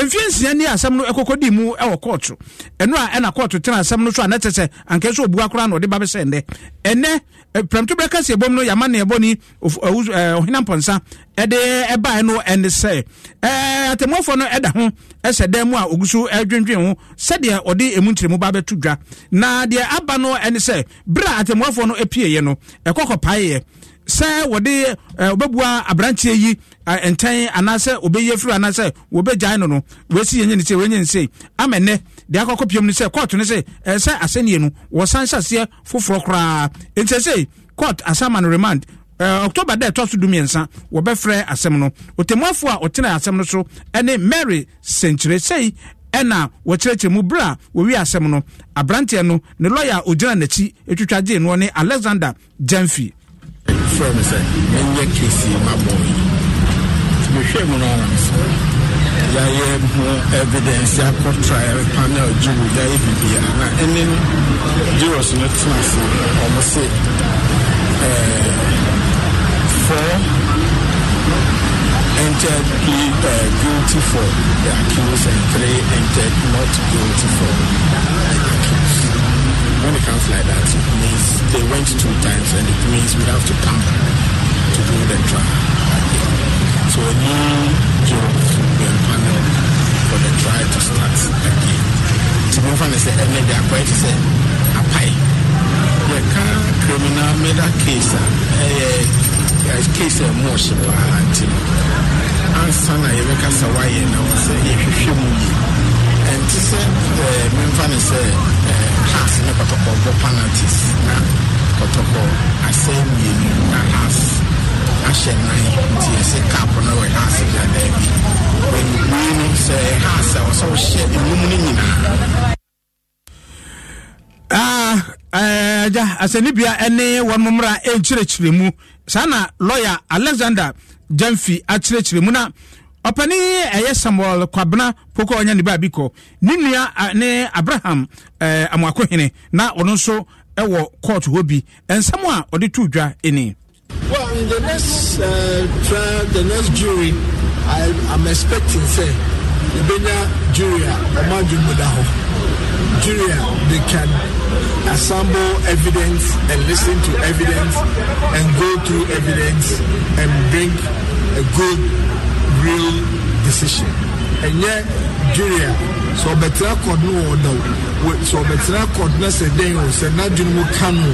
mfie nsia ne asɛm no ɛkɔkɔ di mu ɛwɔ kɔɔto ɛno a ɛna kɔɔto tena asɛm no so a nɛkyɛ sɛ anka sɛ obua koraa na ɔde ba bɛsɛ ndɛ ɛnɛ eh, prɛmto berɛ kɛseɛ bɔm no yɛama ne ɛbɔne eh, ɔhena eh, mpɔnsa ɛde ɛbae no ɛne sɛ atemmuafoɔ no ɛda ho ɛsɛ dan mu a ɔgu so ɛdwendwen ho sɛdeɛ ɔde ɛmu nkyerɛmu ba bɛto dwa na deɛ aba no ɛne sɛ berɛ a atemmuafoɔ no apueeɛ no ɛkɔkɔpaeeɛ sɛ wɔde ɔbɛbua aberanteɛ yi nkyɛn anaasɛ obɛyi afiri anaasɛ wɔbɛgyae no no wɔasi yɛnyɛ ne sei wɔnyɛ ne sei ama nnɛ deɛ akɔkɔ piam no sɛ kɔɔto no sɛ ɛsɛ asɛnniɛ no wɔsan hyɛ foforɔ koraa ɛnti sɛ court remand Uh, october da ɛtɔ so dumiɛnsa wɔbɛfrɛ asɛm no ɔtɛmuafoɔ a ɔtena asɛm no so ne mary sɛnkyerɛ sei ɛna wɔkyerɛkyerɛ mu berɛ a wɔwi asɛm no aberanteɛ no ne lɔya a ɔgyina n'akyi ɛtwitwa gyee noɔ ne alexander jamfi ɛfrɛ me sɛ menyɛ kesi mabɔyi mehwɛ mu no ara nso yɛayɛ ho evidence yɛakɔ trial panel gyuru yɛayɛ biribia na ɛne no gyurus no tena ase ɔmo se eh, four entered uh, guilty for the accused and three entered not guilty for the accused. When it comes like that, it means they went two times and it means we have to come to do the trial. So a new Europe European panel for the trial to start again. Timofan is say, and they are quite a pipe." The car criminal made a case, uh, eh, a case of motion, and son, I ever cast a wire and I was saying, if you move. And to say, Mimfan is a class in a couple of penalties. Now, kɔtɔkɔ asɛm mmienu na as ahyɛ nnan nti yɛsɛ cap no wɔ haase bi adan bi wei no sɛ haase a wɔsɛ wohyɛ enum no nyinaa agya asɛnnibea ne wɔn mmara nkyerɛkyerɛ mu saa na lɔya alexander jamfi akyerɛkyerɛ mu na ɔpani ɛyɛ samuel kwabena poko a ɔnyɛ ne baabi kɔ ne nua ne abraham ɛɛ eh, amoakohene na ɔno nso ɛwɔ kɔɔto hɔ bi nsɛm a ɔde to ni in the next uh, trial, the next jury, I, I'm expecting, say, the Benya jury, Omaju Mudaho. Jury, they can assemble evidence and listen to evidence and go through evidence and bring a good, real decision. And yet, jury, sɛ ɔbɛtena kɔd no wɔ ɔda o sɛ ɔbɛtena kɔd na sɛ den o sɛ n'adwene mu ka no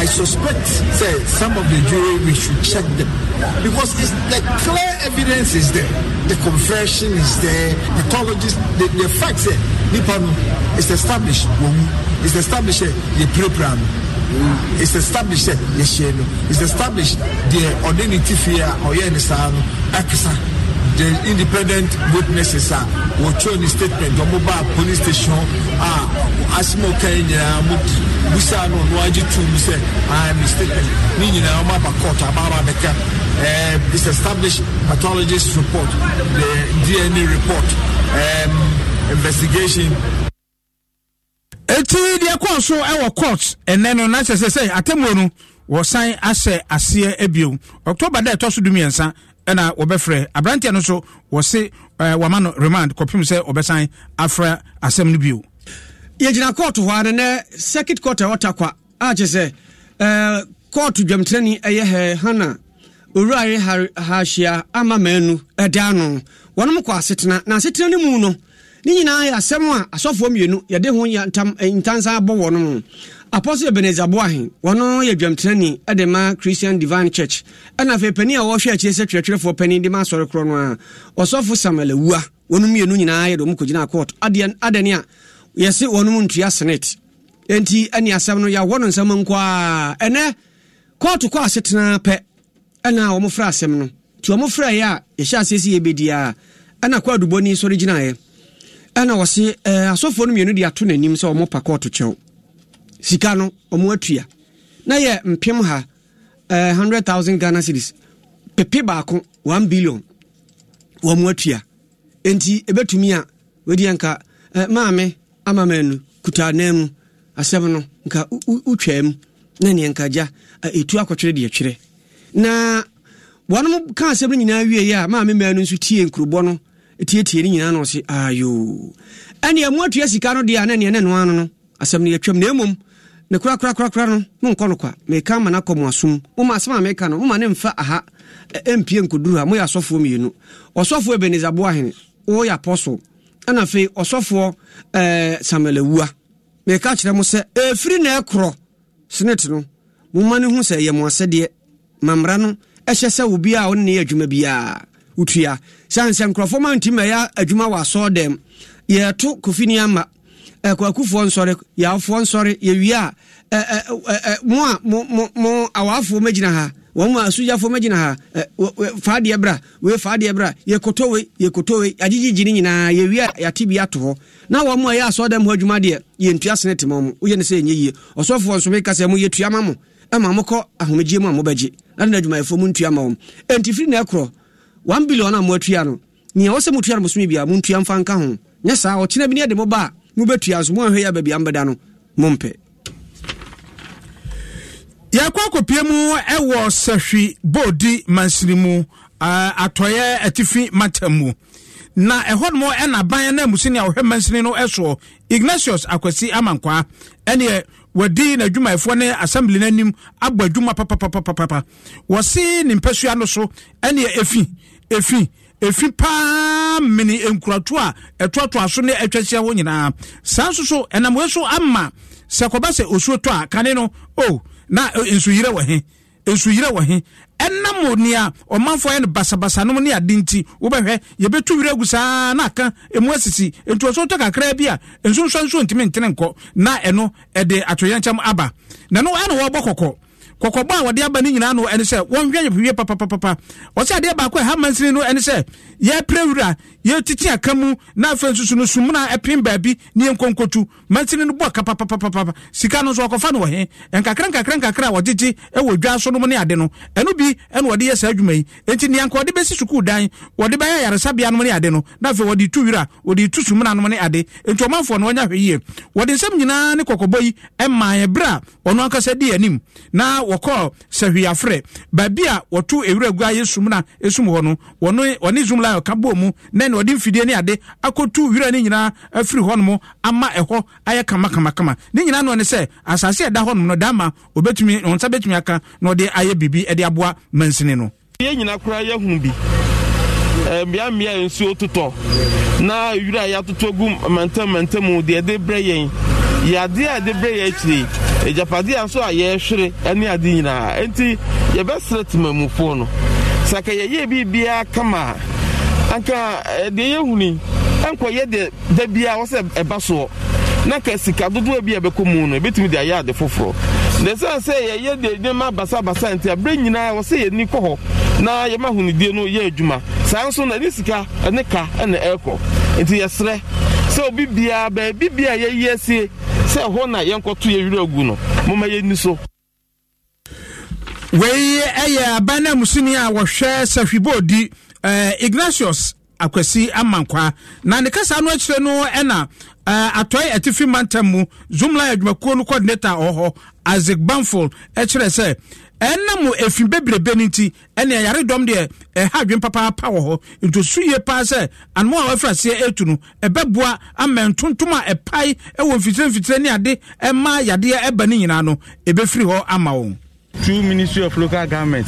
i suspect say some of the jury we should check them because it's, the clear evidence is there the confession is there pathologist the, the fact say nipa no is established wɔn is established sɛ yɛ pirapira no it's established sɛ yɛ hyɛ no it's established deɛ ɔde ne ti fie a ɔyɛ ne saa the independent witnesses a wɔtwerɛ ne statement ɔmo baa police station a asɛm a ɔkae nyinaa mo di busaa no ɔno agye too mu sɛ i am mistaken ne nyinaa ɔmo aba court abaaba abɛka uh, this established pathologist report the dna report um, investigation ɛti deɛ kɔɔ so ɛwɔ court ɛnɛ no na kyerɛ sɛ sɛ atemmuo no wɔsan ahyɛ aseɛ abio october da ɛtɔ so dumiɛnsa ɛna wɔbɛfrɛ aberanteɛ no so wɔse eh, wama no remand kɔpem sɛ ɔbɛsan afra asɛm no bio yɛgyina court hɔ a nɛ circuit court a ɔtakwa a kyɛ sɛ eh, court dwamtenani ɛyɛ hɛ eh, hana owurare hahyia ama maanu ɛda no wɔnom kɔ asetena na asetena no mu no ne nyinaa yɛ asɛm a asɔfoɔ mmienu yɛde ho ntansan abɔ wɔ no mu apostle ebenezer boahe wɔno yɛ dwamtenani de ma christian divine church ɛna afei panin a wɔhwɛ akyire sɛ twerɛtwerɛfoɔ panin de ma asɔre korɔ no a ɔsɔfo samuel awua wɔn mmienu nyinaa yɛ dɔm kɔgyina court adeɛ adani a yɛse wɔn ntua senate enti ɛne asɛm no yɛawɔ no nsɛm nko a ɛnɛ court kɔ ase tena pɛ ɛna wɔn fira asɛm no nti wɔn fira yɛ a yɛhyɛ aseɛ si yɛbɛdi a ɛna kɔ adubɔni sɔre gyinaeɛ ɛna wɔse ɛɛ asɔfoɔ no mmienu de ato n'anim sɛ wɔn court kyɛw sika no ɔmo atua na yɛ mpem ha uh, eh, 100000 ghana series pepe baako 1 billion wɔmo atua enti ɛbɛtumi a wedi anka uh, maame ama maanu kuta nan mu asɛm no nka wotwaa mu na neɛ nka gya etu akɔtwerɛ deɛ twerɛ na wɔnom ka asɛm no nyinaa wieɛ a maame maa no nso tie nkurobɔ no tietie no nyinaa na ɔse ayo ɛneɛ mu atua sika no deɛ a na neɛ ne noa no no asɛm no yɛtwam na mmom ne korakorakorakora no monkɔ no kwa meka ma no akɔ mo asom moma asɛm a meka no moma ne mfa aha ɛmpie e, nkɔduru ha moyɛ asɔfoɔ mmienu ɔsɔfoɔ abenisaboa hene woyɛ apɔso ɛna afei ɔsɔfoɔ samuel awua meka kyerɛ mo sɛ ɛfiri na ɛkorɔ senet no moma no hu sɛ ɛyɛ mo asɛdeɛ mamra no ɛhyɛ sɛ obiaa wo nneyɛ adwuma biaa wotua sane sɛ nkurɔfoɔ ma ntim ɛyɛ adwuma wɔ asɔɔ dɛm yɛto kofini ama Eh, kwakufoɔ nsɔre yɛafoɔ nsɔre yɛwie a eh, eh, mo a mo awaafoɔ magyina ha wɔn mu asogyafoɔ magyina ha faadeɛ bra wei faadeɛ bra yɛkoto wei agyegye gyi nyinaa yɛwie a yɛate bi ato hɔ na wɔn mu a yɛ asɔɔdɛm hɔ adwuma deɛ yɛntua sene tema mu woyɛ ne sɛ ɛnyɛ yie ɔsɔfoɔ nsome kasa mu yɛtua ma mo ɛma mokɔ ahomegyeɛ mu a mobɛgye na de no adwumayɛfoɔ mu ntua ma wɔm ɛnti firi na ɛkorɔ 1 billion a moatua no nea wɔ sɛ motua no bosome bia montua mfa nka ho nyɛ saa ɔkyena bi ne ɛde mo ba a mobɛtua so moahwɛ yɛ baabi ambɛda no mompɛ yɛkɔ akɔpie mu ɛwɔ sahwi boodi mansini mu atɔeɛ atifi matam mu na ɛhɔ nom ɛna ban na amusini wɔhwɛ mansini no ɛsoɔ ignatius akwasi amankwaa ɛneɛ wadi n'adwumayɛfoɔ ne assembly no anim abɔ adwuma papapapapa wɔse ne no so ɛneɛ ɛfi ɛfi ɛfi paa amene nkurato a ɛtoatoa so ne atwahyia hɔ nyinaa saa nso so ɛnam wei so ama sɛ kɔba sɛ osuo tɔ a kane no o na e, nsuyerɛ wɔ he nsuyerɛ wɔ he ɛnam nea ɔmanfoɔ yɛ no basabasanom ne ade nti wobɛhwɛ yɛbɛtu werɛ agu saa na aka ɛmu asisi nti tɔ kakraa bi a nsonsuansuo ntumi ntene nkɔ na ɛno ɛde atoyɛnkyɛm aba na no ɛna wɔbɔ kɔkɔ kɔkɔbɔ a wɔde aba ne nyinaa no ɛne sɛ wɔnhwɛ yɛpwie papapapa ɔsɛ adeɛ baako a ɛha mansini no ɛne sɛ yɛprɛ wura yɛtete aka mu na afei nso so no sumuna ɛpem baabi ne yɛnkɔnkɔtu mantini no bɔ kapapapapapa sika no nso ɔkɔfa no wɔhe nkakra nkakra nkakra a wɔgyegye ɛwɔ dwa so nom ne ade no ɛno bi ɛna wɔde yɛ saa adwuma yi enti neanka wɔde bɛsi sukuu dan wɔde bɛyɛ ayaresabea nom ne ade no na afei wɔde tu wira wɔde tu sumuna nom ne ade enti ɔmanfoɔ no wɔnyɛ ahwɛ yie wɔde nsɛm nyinaa ne kɔkɔbɔ yi ɛmaa ɛberɛ ɔno ankasa di anim na wɔkɔɔ sɛhwiafrɛ baabi a wɔto ewura gua yɛ sumuna esum hɔ no wɔne zumla ɔka mu na na ɔde mfidie ne ade akɔtu wira no nyinaa afiri hɔnom ama ɛhɔ ayɛ kamakamakama ne nyinaa no ɔne sɛ asase a ɛda hɔnom no dama ɔbɛtumi ɔnsa bɛtumi aka na ɔde ayɛ biribi de aboa mansini no yɛn nyina koraa yɛhunu bi mmea mmea nsuo totɔ na wira a yɛatotɔ gu mantamantamu deɛ ɛde brɛ yɛn yɛadeɛ a ɛde brɛ yɛn akyiri agyapadeɛ nso a yɛrehwere ne ade nyinaa nti yɛbɛsrɛ temamufoɔ no sɛ ka yɛyɛ biribiara kama a anka eh, deɛ yɛhuni ɛnkɔyɛ deɛ da biara wɔ sɛ ɛba soɔ na ka sika dodoɔ bi a ɛbɛkɔ mu no ɛbɛtumi de ayɛ ade foforɔ na ɛsiane sɛ yɛyɛ deɛ nneɛma basabasa nti aberɛ nyinaa wɔ sɛ yɛni kɔ hɔ na yɛma ahonidie no yɛ adwuma saa nso na ɛne sika ɛne ka ɛna ɛrekɔ nti yɛserɛ sɛ obi biara baabi bia yɛyi asie sɛ ɛhɔ na yɛnkɔto yɛ werɛ agu no moma yɛni so wei ɛyɛ aban no amusuni a wɔhwɛ sɛ hwibɔɔdi Eh, ignatius akwasi amankwaa na ne kasa no akyirɛ no ɛna eh, atɔe atifi mantam mu zoomline adwumakuo no coordinator wɔ hɔ isaac banfol kyerɛ sɛ ɛnam ɛfin bebrebe no nti ɛne dɔm deɛ ɛha adwen papaapa wɔ hɔ nti yie paa sɛ anomo a wɔafra seɛ etu no ɛbɛboa ama ntontom a ɛpae ɛwɔ mfitiremfitire ne ade ɛma yadeɛ ɛba no nyinaa no ɛbɛfiri hɔ ama wɔn tu ministry of local government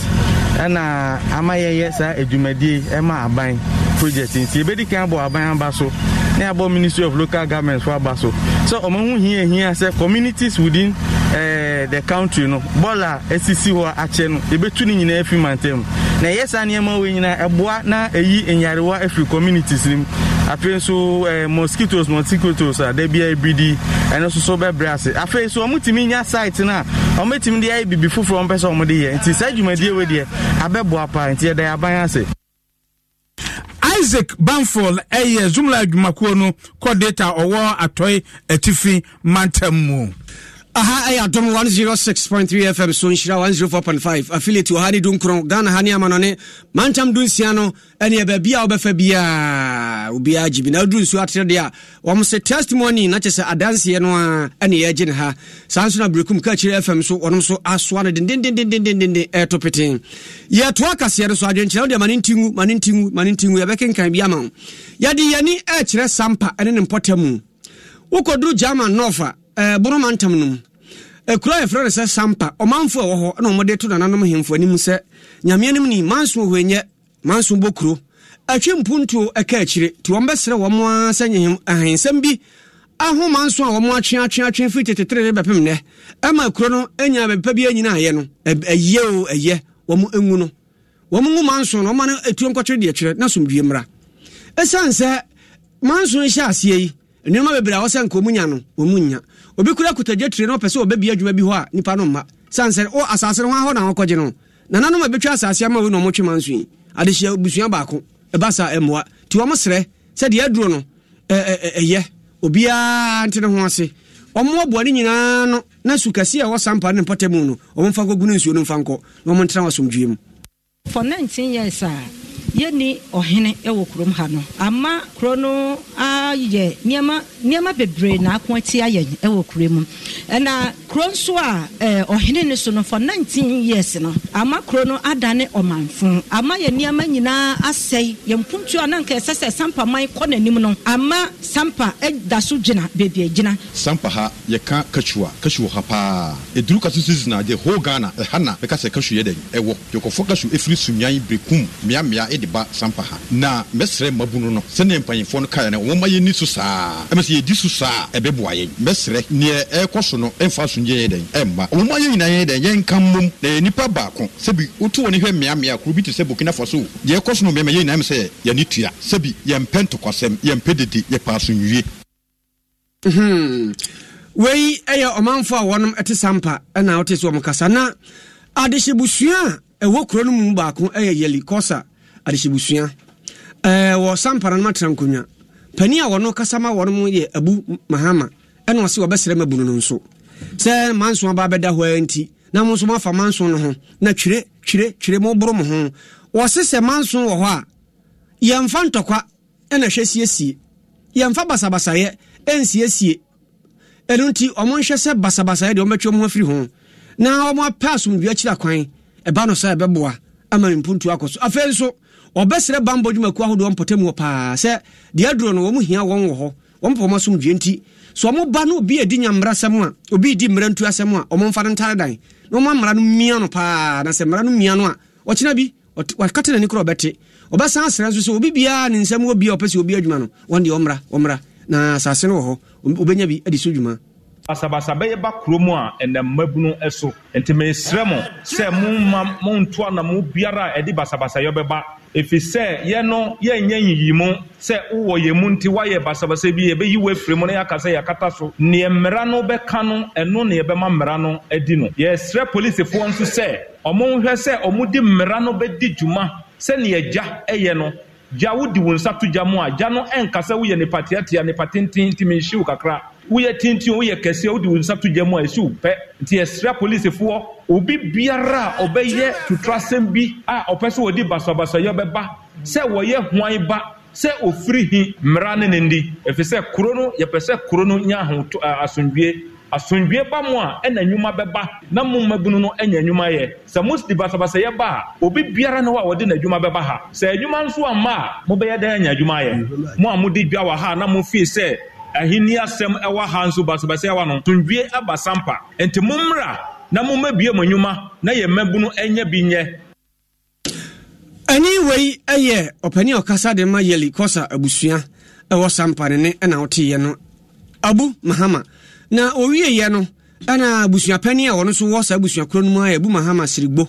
ɛna ama saa adwumadie ɛma aban project nti ebedi kan abɔ aban aba so na yɛabɔ ministry of local government fo aba so so ɔmo ho hia hia sɛ communities within ɛɛ eh, the country no bɔɔla esisi hɔ akyɛ no ebetu ne nyinaa efi mantam na ɛyɛ saa nneɛma wo nyinaa ɛboa na eyi nyarewa efiri communities nim. afei nso eh, mosquitoes mosquitoes ah, a da biara bidi ɛno nso so bɛbrɛ ase afei nso ɔmotumi nya site no a ɔmɛtumi de ayɛ bibi foforɔ ɔmpɛ sɛ ɔmode yɛ nti saa dwumadie wei deɛ abɛboa paa nti yɛda yɛ ase isaac banford ɛyɛ zumla adwumakuo no kɔ data ɔwɔ atɔe atifi mantam mu aha ɛyɛ adom 106.3 fm so nhyira 104.5 affiliate wɔ ha ne dunkron ghana ha ne amanɔne mantam dunsia no ɛneɛ baabi a wobɛfa biaa obiaa gyibi na woduru nsuo atere deɛ a wɔm se testimony na kyɛ sɛ adanseɛ no a ɛne yɛgye ne ha saa nso na berɛkum kakyiri fm so wɔnom so asoa no dendendendendendende ɛɛto petee yɛtoa kaseɛ no so adwenkyerɛ wodeɛ mane nti ngu mane nti ngu mane nti ngu yɛbɛkenkan bi ama wo yɛde yɛni ɛɛkyerɛ sampa ɛne ne mpɔta mu wokɔduru german nɔfa Eh, boroma ntam no mu ɛkura eh, yɛfrɛ no sɛ sampa ɔmanfo a ɛwɔ hɔ na ɔmɔde to nananom hemfo anim sɛ nyameɛ nom ni manso hɔanyɛ manso bɔkuro atwe mpuntuo ɛka akyire nti wɔmbɛserɛ wɔm a sɛ ahensɛm bi ahoma nso a wɔn atwe atwe atwe firi tetetere ne bɛpem nɛ ɛma kuro no anya abɛpɛ bi anyina ayɛ no ɛyɛ o ɛyɛ wɔn ngu no wɔn ngu manso no wɔn ano etuo nkɔtwe deɛ kyerɛ na somdue mmra ɛsiane sɛ manso hyɛ aseɛ yi nneɛma bebree a wɔsɛ nka ɔmu nya no ɔmu nya obi kura kutagye tire no ɔpɛ sɛ ɔbɛbi adwuma bi hɔ a nipa no mma sane o asase no ho ahɔ na wɔkɔgye no nananom a ɛbɛtwa asase ama wei na ɔmotwe ma nso yi adehyia busua baako ɛba saa ɛmmoa nti wɔm serɛ sɛdeɛ aduro no ɛyɛ obiaa nte ne ho ase ɔmo aboa no nyinaa no na su kɛseɛ a ɛwɔ sampa ne mpɔtɛ mu no ɔmomfa nkɔgu no nsuo no mfa nkɔ na ɔmontena wɔ asomdwue mu for nineteen years a yɛni ɔhene wɔ kurom ha no ama kuro no ayɛ nneɛma nneɛma bebree na ako ati ayɛ wɔ kuro mu ɛna kuro nso a ɛɛ ɔhene ne so no for nineteen years no ama kuro no adane ɔmanfo ama yɛ nneɛma nyinaa asɛe yɛn mpuntu a ɛsɛ sɛ sampa man kɔ n'anim no ama sampa da so gyina beebi agyina. sampa ha yɛka kakyua kakyua ha paa eduru kaso season a the whole ghana ɛha na bɛka sɛ kakyua yɛ dɛ ɛwɔ yɛkɔfɔ kakyua efiri sunyan bekum mmeammea ɛde ba sampa ha na mɛsrɛ mmabunu no sɛne mpanyimfoɔ no kaeɛ no wɔma yɛni so saa ɛmɛ sɛ yɛdi so saa ɛbɛboa yɛn mɛsrɛ neɛ ɛrekɔ so no ɛmfa asomgye yɛ dɛn ɛmma wɔma yɛ nyinaa yɛ dɛn yɛnka mmom na yɛ nipa baako sɛbi wotu wɔ ne hwɛ mmeammea kuro bi te sɛ burkina faso deɛ ɛkɔ so no mmeɛma yɛ nyinaa m sɛ yɛne tua sɛbi yɛmpɛ ntokasɛm yɛmpɛ dede yɛpɛ asomwie mhm. wei ɛyɛ ɔmanfoɔ a wɔnom ɛte sampa ɛna wote sɛ ɔmo kasa na adehyebusua a ɛwɔ kuro no mu baako ɛyɛ yɛli kɔsa adehyebusua ɛɛ eh, wɔ sampara no matena nkonnwa pani a wɔno kasa ma wɔno mu yɛ abu mahama ɛna ɔse wɔbɛsrɛ ma bunu no nso sɛ manso aba bɛda hɔ a nti na mo nso moafa manso no ho na twire twire twire moboro mo ho wɔse sɛ manso wɔ hɔ a yɛmfa ntɔkwa ɛna hwɛ siesie yɛmfa basabasayɛ ɛnsiesie ɛno nti ɔmo nhwɛ sɛ basabasayɛ deɛ ɔmɛtwe mo afiri ho na ɔmo apɛ asomdua kyira kwan ɛba no sɛ ɛbɛboa ama mpuntu akɔ so afei nso ɔbɛsrɛ bambɔ dwumakuo ahodoɔ mpɔtamu hɔ paa sɛ deɛ aduro no wɔm hia wɔn wɔ hɔ wɔn pɔma somdwe nti so ɔmo ba no obi edi nyammara sɛm a obi edi mmara ntu asɛm a ɔmo mfa no ntare dan na ɔmo amara no mmia no paa na sɛ mmara no mmia no a ɔkyena bi wakata n'ani korɔ ɔbɛte ɔbɛsan asrɛ nso sɛ obi biara ne nsɛm wɔ bi a ɔpɛ sɛ obi adwuma no wɔn deɛ ɔmmra ɔmmra na asase no wɔ hɔ obɛnya bi adi so dwuma basabasa bɛyɛ ba kurom a ɛnam mmabunu so nti mesrɛ mo sɛ momma monto anammɔ biara a ɛde basabasayɛ bɛba ɛfiri sɛ yɛ no yɛnyɛ nyiyi mu sɛ wowɔ yɛ mu nti woayɛ basabasa bi yɛbɛyi wo afiri mu na yɛaka sɛ yɛkata so neɛ mmara no bɛka no ɛno ne yɛbɛma mmara no adi no yɛsrɛ polisifoɔ nso sɛ ɔmonhwɛ sɛ ɔmode mmara no bɛdi dwuma sɛneɛ gya ɛyɛ no gya wodi wo nsa to gya mu a gya no ɛnka sɛ woyɛ nipa teatea nipa tenten ntimi nhyiw kakra woyɛ tenten woyɛ kɛseɛ wodi wo nsa to gya mu a ɛhyiw pɛ nti ɛsrɛ polisifoɔ obi biara a ɔbɛyɛ tutrasɛm bi a ɔpɛ sɛ wɔde basabasayɛ bɛba sɛ wɔyɛ hwan ba sɛ ofiri hi mmara ne ne ndi ɛfiri sɛ kuro no yɛpɛ sɛ kuro no nyɛ asomdwie asomdwie ba mu a ɛna nnwuma bɛba na mo mmabunu no anya nnwuma yɛ sɛ mo dibasabasayɛ ba a obi biara no a wɔde n'adwuma bɛba ha sɛ adwuma nso ma a mobɛyɛ dɛn anya adwuma yɛ mo a mode dwa wɔ ha na mofie sɛ ahenni asɛm ɛwɔ ha nso basabasayɛ wa no somdwie aba sampa enti mommra na mommabie mo nnwuma na yɛ mmabunu ɛnyɛ bi nyɛ ɛne wei ɛyɛ ɔpani ɔkasa de ma yɛli kɔsa abusua ɛwɔ sampa ne ne ɛna woteeɛ no abu mahama na owie ɔwieɛ no ɛna abusuapani a ɔno nso wɔ saa abusuakoro no mu ayɛ bu mahama serigbo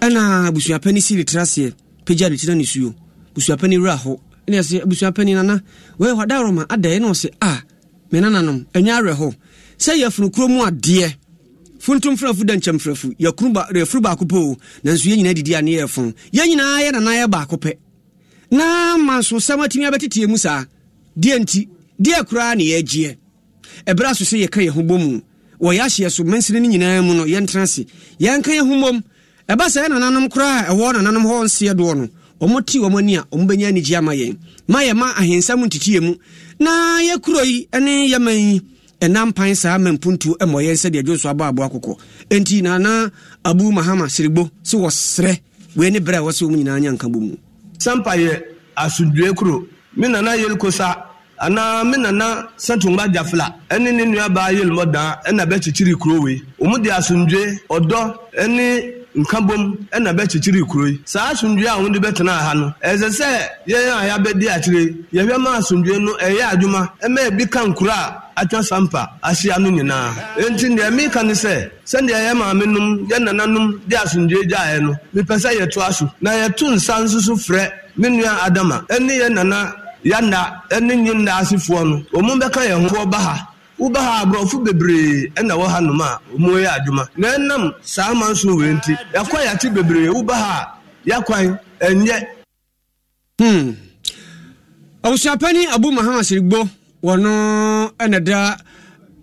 ɛna abusuapani si retraseɛ pagya ne tina ne suo busuapani wura hɔ ɛne ɛsɛ abusuapani nana wɔyɛ hɔda ada adaeɛ na ɔsɛ a me nananom ɛnyɛ awerɛhɔ sɛ funu kuro mu adeɛ funtum frɛfo da ba frɛfo yɛfuru baako pɛ o nanso yɛn nyinaa didi aneɛ yɛfo yɛn nyinaa yɛ nana yɛ baako pɛ na ma nso sɛm atumi abɛteteɛ mu saa deɛ nti deɛ koraa ne yɛagyeɛ ɛberɛ so sɛ yɛka yɛ ho bɔ mu wɔyɛ ahyeɛ so mansini no nyinaa mu no yɛntena ase yɛnka yɛ ho mmom ɛba sɛ nananom koraa ɛwɔ nananom hɔ nseɛ doɔ no ɔmo te wɔn ani a ɔmo bɛnya anigye ama yɛn ma yɛ ma mu ntitiɛ mu na yɛ kuro yi ne yɛma yi ɛnam pan saa mampuntu mmɔ yɛn sɛdeɛ dwo so abɔ abo akokɔ enti nana abu mahama serigbo sɛ wɔserɛ wei ne berɛ a wɔ sɛ nyinaa nyanka bɔ mu sampa yɛ asodue kuro me nana yɛlkosa anaa me nana sɛntomba gyafla ɛne ne nuabaa yelmɔdaa ɛna bɛkyekyere kuro wei ɔmu de asomdwe ɔdɔ ɛne nkabom ɛna bɛkyekyere kuro yi saa asomdwe a wɔde bɛtena ha no ɛsɛ sɛ yɛn a yɛabɛdi akyire yɛhwɛ ma asomdwe no ɛyɛ adwuma ɛma ebi ka nkuro a atwa sampa ahyia no nyinaa enti deɛ meka ne sɛ sɛdeɛ yɛ maame nom yɛ nananom de asomdwe gyaeɛ no mepɛ sɛ yɛto aso na yɛto nsa nso so frɛ me nua adama ɛne yɛ nana ya na ne nyina asefoɔ no wɔn bɛka yɛn ho ba ha woba ha aborɔfo bebree na wɔ hanom a wɔn yɛ adwuma na ɛnam saa ama nso wɔ nti yɛkɔ yɛate bebree woba ha a yɛakwan ɛnyɛ. hmm abusuapani abu muhammad sirigbo wɔn ɛna da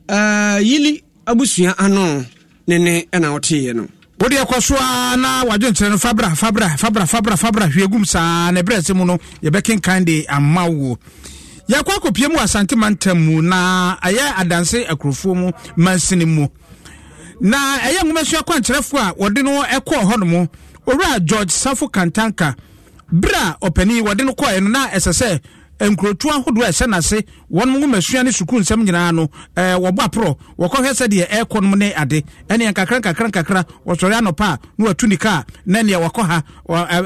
ɛɛ yili abusua ano ne ne ɛna ɔteeɛ no. wode ɛkɔ so a na wadwenkyerɛ no fabra fabra fabra fabra fabra hwɛ saa na ɛberɛ sɛ mu no yɛbɛkenkan de ama wo yɛkɔ akɔpia mu wɔ asante mantam mu na ɛyɛ adanse akurofoɔ mu mansini mu na ɛyɛ nwomasua kwankyerɛfoɔ a wɔde no ɛkɔɔ hɔ no mu owura george safo kantanka berɛ a ɔpani wɔde no kɔɛ no na ɛsɛ sɛ nkurotu ahodoɔ a ɛhyɛ n'ase wɔn mu masua ne sukuu nsɛm nyinaa no ɛɛ wɔbɔ aporɔ wɔkɔhwɛ sɛdeɛ ɛɛkɔ nom ne ade ɛne nkakra nkakra nkakra wɔsɔre anɔpa a na watu ne kaa na neɛ wɔkɔ ha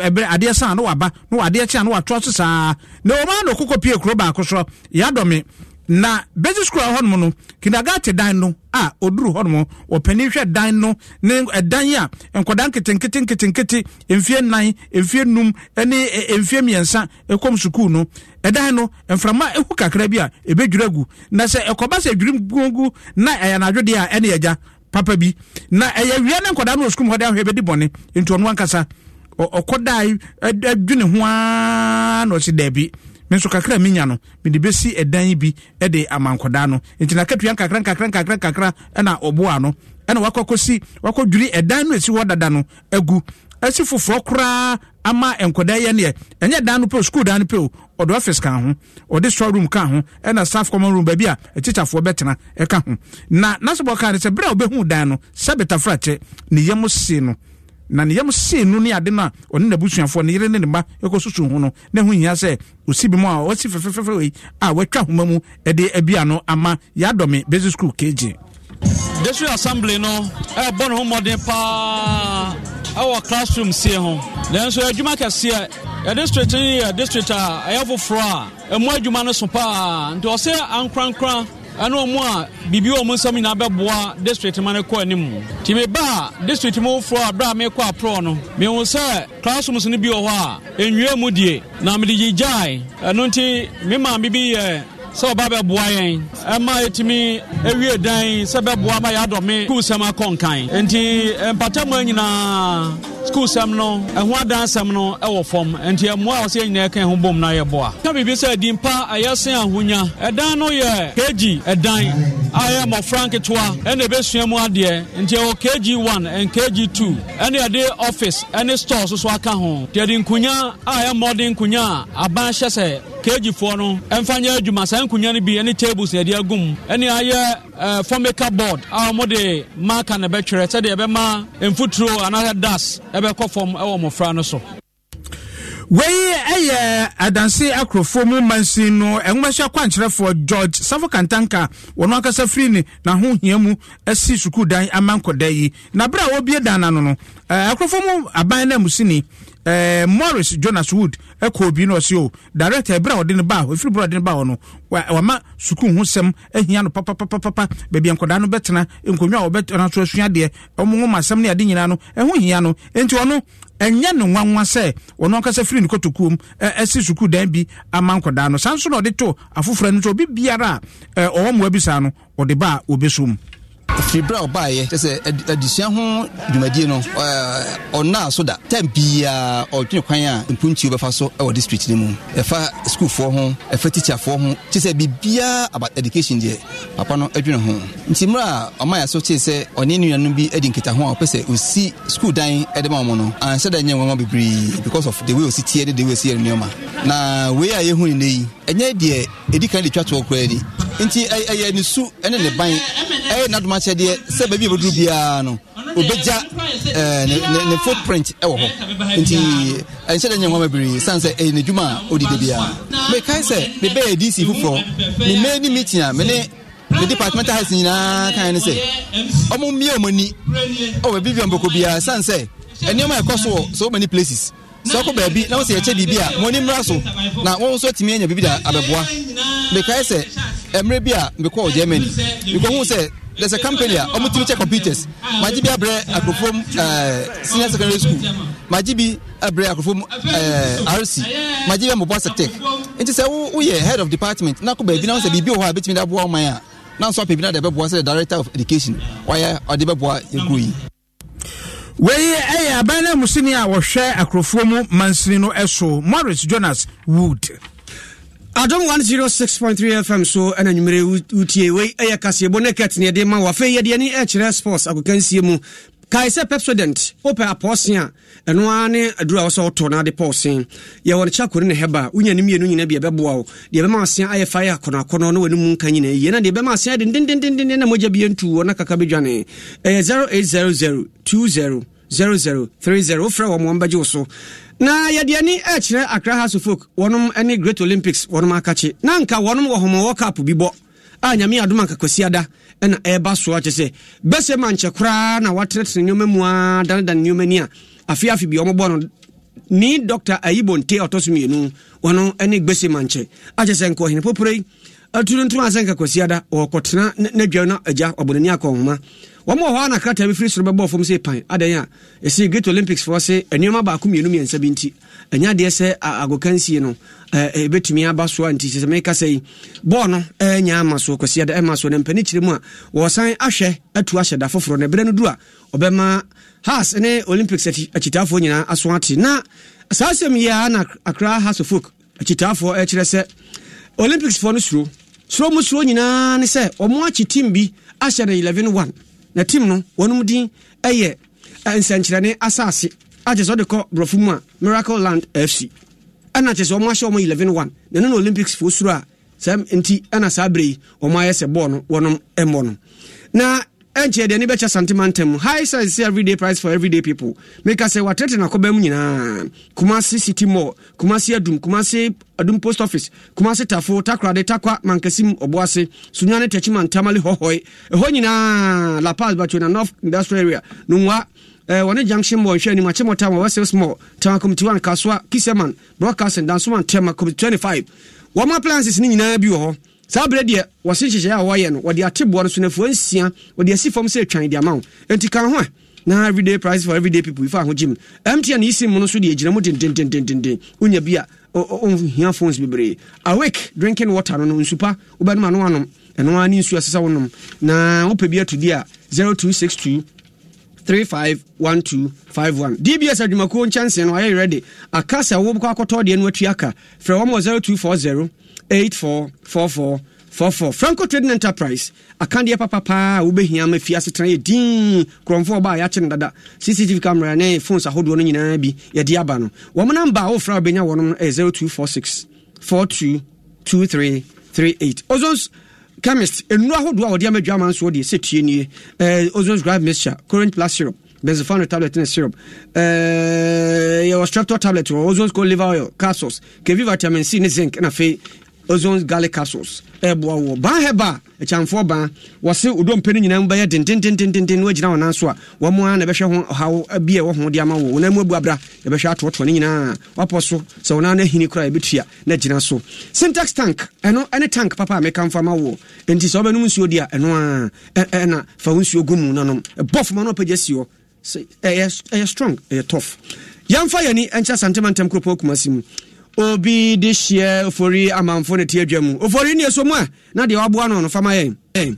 ɛbɛrɛ adeɛ san na waba na adeɛ kyɛn na watoa so saa na wɔn ano kokɔ pie kuro baako so yɛadɔme na basic school a hɔnom no kindergarten dan no a ɔduru hɔnom ɔpanin hwɛ dan no ne ɛdan a nkwadaa nketenkete nkete mfie nnan mfie num ne mfie mmiɛnsa ɛkɔm sukuu no ɛdan no mframa ehu kakra bi a ebedwira gu na sɛ ɛkɔba sɛ dwirim gungu na ɛyɛ n'adwodeɛ a ɛne ɛgya papa bi na ɛyɛ wia ne nkwadaa no wɔ sukuu mu hɔ de ahwɛ bɛdi bɔne nti ɔno ankasa ɔkɔdaa adwene ho ara na ɔsi daabi me nso kakra a menya no mede bɛsi ɛdan bi de ama nkɔdaa no enti nakatua nkakra nkakra nkakra nkakra ɛna ɔboa no ɛna wakɔkɔsi wakɔdwiri ɛdan no ɛsi hɔ dada no agu asi foforɔ koraa ama nkɔdaa yɛ neɛ ɛnyɛ dan no peo sukuu dan no pɛ ɔde ɔfis ka ho ɔde store room ka ho ɛna staff common room baabi a atikyafoɔ bɛtena ɛka ho na nasɔbɔ kaa ne sɛ berɛ a wobɛhu dan no sɛ betafrakyɛ ne yam see no na ne yam see no ne ade no a ɔne n'abusuafoɔ ne yere ne ne ba ɛkɔ susu ho no na ho hia sɛ osi bi mu a ɔsi fɛfɛfɛfɛ a wɔatwa homa mu ɛde abia no ama yɛadɔme basic school kg district assembly no ɛbɔ ne ho mmɔden paa ɛwɔ classroom sie ho nanso adwuma kɛseɛ yɛ district yi yɛ district a ɛyɛ foforɔ a ɛmu adwuma no so paa nti ɔsɛ ankorankora ɛne ɔmu a biribi wɔ mu nsɛm nyinaa bɛboa district ma no kɔ anim nti meba a district mu woforɔ a berɛ a meekɔ aprɔ no mehu sɛ classrooms no bi wɔ hɔ a ɛnwie mu die na mede gyigyae ɛno nti me maame bi yɛ sɛ ɔba bɛboa yɛn ɛma ɛtumi ɛwie dan sɛ bɛboa ma yɛadɔme kusɛm akɔ nkan enti mpatamɔ nyinaa school sɛm no ɛho adansɛm no ɛwɔ fam nti ɛmmoa a ɔsɛ nyinaa ɛka ɛho bom na yɛ boa ka biribi sɛ din pa ɛyɛ sen ahonya ɛdan no yɛ kg ɛdan a ɛyɛ mmɔfra nketewa ɛna ɛbɛsua mu adeɛ nti ɛwɔ kg1 and kg2 ɛne ɛde office ɛne store so so aka ho nti ɛde nkonya a ɛyɛ mmɔden nkonya a aban hyɛ sɛ kagyifoɔ no ɛmfa nyɛ adwuma saa nkonya no bi ɛne tables na ɛde agum ɛne ayɛ fɔmika board a wɔde marker na ɛbɛtwerɛ sɛdeɛ ɛbɛma mfuturo anaasɛ das ɛbɛkɔ fam ɛwɔ mmɔfra no so wei ɛyɛ adanse akorɔfoɔ mu mansin no ɛnwomahyɛ akwankyerɛfoɔ george safo kantanka wɔno ankasa firi ne n'ahohia mu asi sukuu dan ama nkɔda yi na bere a wɔbie dan no no akorɔfoɔ mu aban no amusini eh, morris jonas wood ɛkɔ obi na ɔsi o director ebere a ɔde ne ba efiri bere a ɔde ne ba hɔ no wama sukuu ho sɛm ehia no papapapapa beebi nkɔdaa no bɛtena nkonnwa a ɔbɛtena so asua deɛ ɔmo ho ma asɛm ne ade nyinaa no ɛho hia no nti ɔno ɛnyɛ no nwanwa sɛ ɔno ankasa firi ne kotokuom ɛsi e, sukuu dan bi ama nkɔdaa no saa nso na ɔde to afoforɔ no nso obi biara a ɔwɔ mmoa bi saa no ɔde ba a obesom. firi berɛ a ɔbaeɛ kyɛ sɛ adesua ho dwumadie no ɔnaa so da tam biaa ɔdwene kwan a mpunti wobɛfa so wɔ district no mu ɛfa sukuulfoɔ ho ɛfa tikyafoɔ ho sɛ biribiaa about education deɛ papa no adwene ho nti mmerɛ a ɔmayɛ so kyee sɛ ɔne ne bi nkita a ɔpɛ sɛ ɔsi dan de ma ɔmo no da bebree because of the way ɔsi ne the way ɔsi yɛ na wei a yɛhu ne nɛ yi ɛnyɛ deɛ ɛdi kan de twa toɔ koraa nti ɛyɛ ne su ne ne ban ɛyɛ n'adoma kyɛdeɛ sɛ baabi a bɛduru biara no obɛgya ɛɛ ne footprint ɛwɔ eh, hɔ nti ɛnhyɛ eh, dɛ nyɛ nwoma bebree san sɛ ɛyɛ n'adwuma a odi de biara eh, mɛkae sɛ ne bɛyɛ dc foforɔ ne mɛ ni meeting a mene, ne ne departmental health nyinaa kan ne sɛ ɔmo mmea ɔmo ani ɔwɔ baabi bi ɔmbɛkɔ biara san sɛ nneɛma ɛkɔ so wɔ so many places sɛ ɔkɔ baabi na wɔsɛ yɛkyɛ biribi a mo ani mmra so na wɔn nso atumi anya biribi da abɛboa mɛkae sɛ mmerɛ bi a mekɔɔ germany mekɔhu sɛ there's a company a wɔn tumi kyɛ computers magye bi abrɛ akorofom ɛɛ eh, senior secondary school magye bi abrɛ akorofom ɛɛ eh, rc magye bi amobɔ aseptic nti sɛ woyɛ head of department na kɔ baabi na sɛ biribi wɔ hɔ a betumi de aboa ɔman a nanso apɛ bi na de bɛboa sɛ director of education wɔyɛ ɔde bɛboa egu yi. wei ɛyɛ eh, aban na musini a wɔhwɛ akorofom mansini no ɛso morris jonas wood. adom 106.3 fm so ɛna nwummerɛ wotie wei ɛyɛ kaseɛbɔ no ket neɛde ma wo afei yɛdeɛ ne ɛkyerɛ sports akokansie mu kae sɛ pepsodent wopɛ apɔɔse a ɛno ara ne adura a wɔ sɛ woto no ade pɔɔse yɛwɔ no kyakore ne hɛba wonya no mmienu nyina bia ɛbɛboa wo deɛ bɛma ase ayɛ fa yɛ akɔnɔakɔnɔ na w'anom nka nyina yie na deɛ bɛma ase ayɛ dendendenden na mogya bi antu wɔ na kaka bɛdwane ɛyɛ 0800 20 0030 wofrɛ wɔ mɔmbɛgye wo so na yɛdeɛ ne ɛkyerɛ akra house folk wɔnom ne great olympics wɔnom akakye na nka wɔnom wɔ homɔwɔ cap bi bɔ a nyame adom ankakwasiada ɛna ɛba soa kyɛ sɛ bɛsɛ ma nkyɛ koraa na watenetene nneɔma mu a danedane nneɔma ni a afei afe bi ɔmobɔ no ni dr ayibonte ɔtɔ so mmienu wɔno ne gbese mankyɛ akyɛ sɛ nkɔ hene popore aturo ntom asɛ nkakwasiada ɔkɔtena n'adwa no agya ɔbɔnani akɔ nhoma wɔma wɔ hɔ ana krataa bi firi soro bɛbɔɔ fam sɛ pan adɛn a ɛsii great olympics foɔ se nneɔma baako mmienu mmiɛnsa bi nti ɛnyɛ adeɛ sɛ agokansie no ɛbɛtumi aba soa nti sɛ meka sɛ yi bɔɔl no ɛnya ama so kwasiada ɛma so na mpani kyerɛ mu a wɔsan ahwɛ atu ahyɛ da foforɔ na berɛ no du a ɔbɛma has ne olympics akyitaafoɔ nyinaa aso ate na saa asɛm yi a na akra has of folk akyitaafoɔ ɛkyerɛ sɛ olympics foɔ no suro suro mu suro nyinaa ne sɛ ɔmo akyi team bi ahyɛ no 11 1 na team no wɔnom din ɛyɛ nsɛnkyerɛne asase akyɛ sɛ ɔde kɔ borɔfo mu a miracle land fc ɛna kyɛ sɛ ɔmo ahyɛ ɔmo 11 1 na ɛno na olympics foɔ suro a sɛ nti ɛna saa berɛ yi ɔmo ayɛ sɛ bɔɔl no wɔnom mmɔ no na ɛnkyɛ deɛ ne bɛkyɛ santema ntam high size sɛ everyday price for everyday people meka sɛ watrɛte nakɔba mu nyinaa Kumasi city mall Kumasi adum Kumasi adum post office Kumasi tafo takrade takwa mankasim ɔboase sunyane tɛkyima ntamale hɔhɔe ɛhɔ nyinaa la Paz pas batona north industrial area nonwa eh wɔne junction mɔ nhwɛ anim akyɛmɔ tam wɔsɛ small tama komiti wan kaswa, kiseman broadcasting Man tɛma komiti 25 wɔma appliances no nyinaa bi wɔ hɔ saa berɛ deɛ wɔse nhyehyɛeɛ a wɔyɛ no wɔde ateboɔ no so nafuo nsia wɔde asi fam sɛ atwan de ama wo enti ka ho a na everyday price for everyday people ifa ho gyim mtn yi sim no so deɛ gyina mu dendendendenden wonya bi a ohia phones bebree awake drinking water no no nsupa wobɛnom ano anom ɛno ara ne nsu ɛsɛ sɛ wonom na wopɛ bi atodi a 0262 351251 dbs adwumakuo nkyɛnse no ayɛ ready aka sɛ wobɛkɔ akɔtɔ deɛ no atua ka frɛ wɔm wɔ 0240 844444 franco trading enterprise akandeɛ papapaa wobɛhia ma fiase ase tena yɛ din kurɔmfoɔ ɔba a yɛakye dada cctv camera ne phones ahodoɔ no nyinaa bi yɛde aba no wɔm namba a wofra wobɛnya wɔnom no eh, 0246 422338 ozons chemist nnuro ahodoɔ a wɔde ama dwama grab deɛ sɛ tue nie eh, ozons grave mixture current plus syrup benzofano tablet ne syrup eh, yɛwɔ streptor tablet ozons co liver oil capsules kv vitamin c ne zinc na fe. ozone garlic capsules ɛboa wɔ ban heba akyamfoɔ ban wɔse odompe no nyinaa mu bɛyɛ dententententen no agyina wɔnan so a wɔmo a na ɛbɛhwɛ ho ɔhaw eh, bi a ɛwɔ ho de ama wɔ wɔnan mu abu abra yɛbɛhwɛ atoɔtoɔ no nyinaa wapɔ so sɛ wɔnan no ahini koraa yɛbɛtua na gyina so syntax tank ɛno ɛne tank papa a meka mfa ma wɔ enti sɛ wobɛnom nsuo di a ɛno a ɛna fa wo nsuo gu mu na nom bɔfoma no ɔpagya si hɔ ɛyɛ strong ɛyɛ tough yɛmfa yɛni ɛnkyɛ santemantam kuropɔn kumasi mu obi de hyeɛ ofori amanfo ne te adwa mu ofori nneɛ so mu a na deɛ waboa no no fama yɛn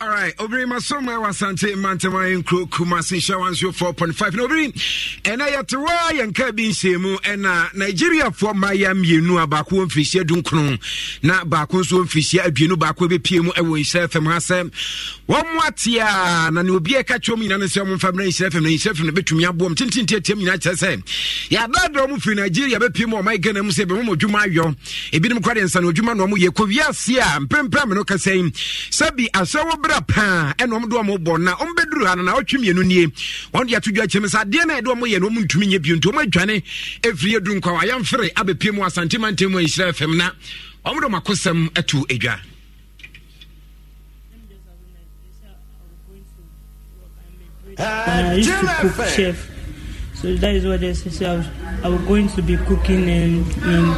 All right, ma sọ ma wa sante mantama yẹn kuro kumasi nhyɛ one zero four point five na obìnrin ɛnna yɛte wa yɛn kaa bi nsɛmu ɛnna nigeriafoɔ mmaayewa mmienu a baako wɔ mfirihyia dunkron na baako nso wɔ mfirihyia aduonu be ebepie mu ɛwɔ nhyɛ fam ha sɛm wɔn mu ate a na ne obi a ɛka kyerɛ mu nyinaa ne sɛ wɔn mfa mmerɛ nhyɛ fam na nhyɛ fam na ebetumi aboɔ mu tenten tie tie mu nyinaa kyerɛ sɛ yɛadaada wɔn firi nigeria bepie mu uh, ɔman ghana mu sɛ ebi wɔn adwuma ayɔ ebinom kɔ de nsa na adwuma na wɔn yɛ kɔ wiase a no kasa yi sɛbi asɛw wɔbrɛ paa ɛna de ɔmo bɔ na na mmienu nie wɔn de ato dwa adeɛ na ɛde ɔmo yɛ ɔmo ntumi nti ɔmo adwane edu nkwa mu mu fam na ɔmo de ɔmo akosɛm ato edwa. I used to cook chef, so that is what they say. I was, I was going to be cooking in, in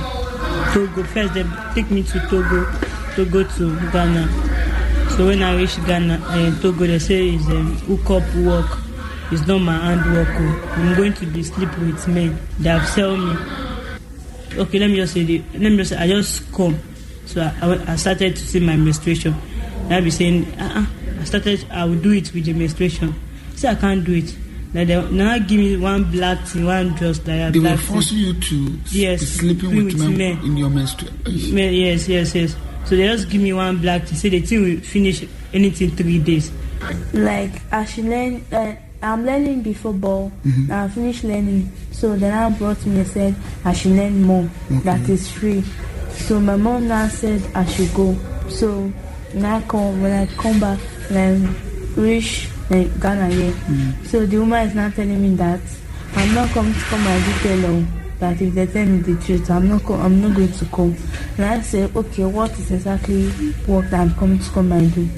Togo. First, they take me to Togo, to go to Ghana. So when I reach Ghana uh, Togo, they say is, um, hook work. It's not my hand work. Oh. I'm going to be sleep with men. They have sell me. Okay, let me just say, the, let me just say, I just come. So I, I started to see my menstruation. And I'll be saying, uh-uh. I started, I will do it with the menstruation. Say I can't do it. Now they now give me one black thing, one dress like They will force you to yes, be sleeping with, with men, men in your menstruation. Men. Yes, yes, yes. So they just give me one black tea. Say the tea will finish anything three days. Like I should learn. Uh, I'm learning before ball. Mm-hmm. I finished learning. So then I brought me and said I should learn more. Okay. That is free. So my mom now said I should go. So now come when I come back then I then Ghana here. Mm-hmm. So the woman is now telling me that I'm not coming to come and detail. that if they tell me the truth, I'm not I'm not going to come. And I say, okay, what is exactly what I'm coming to come and do?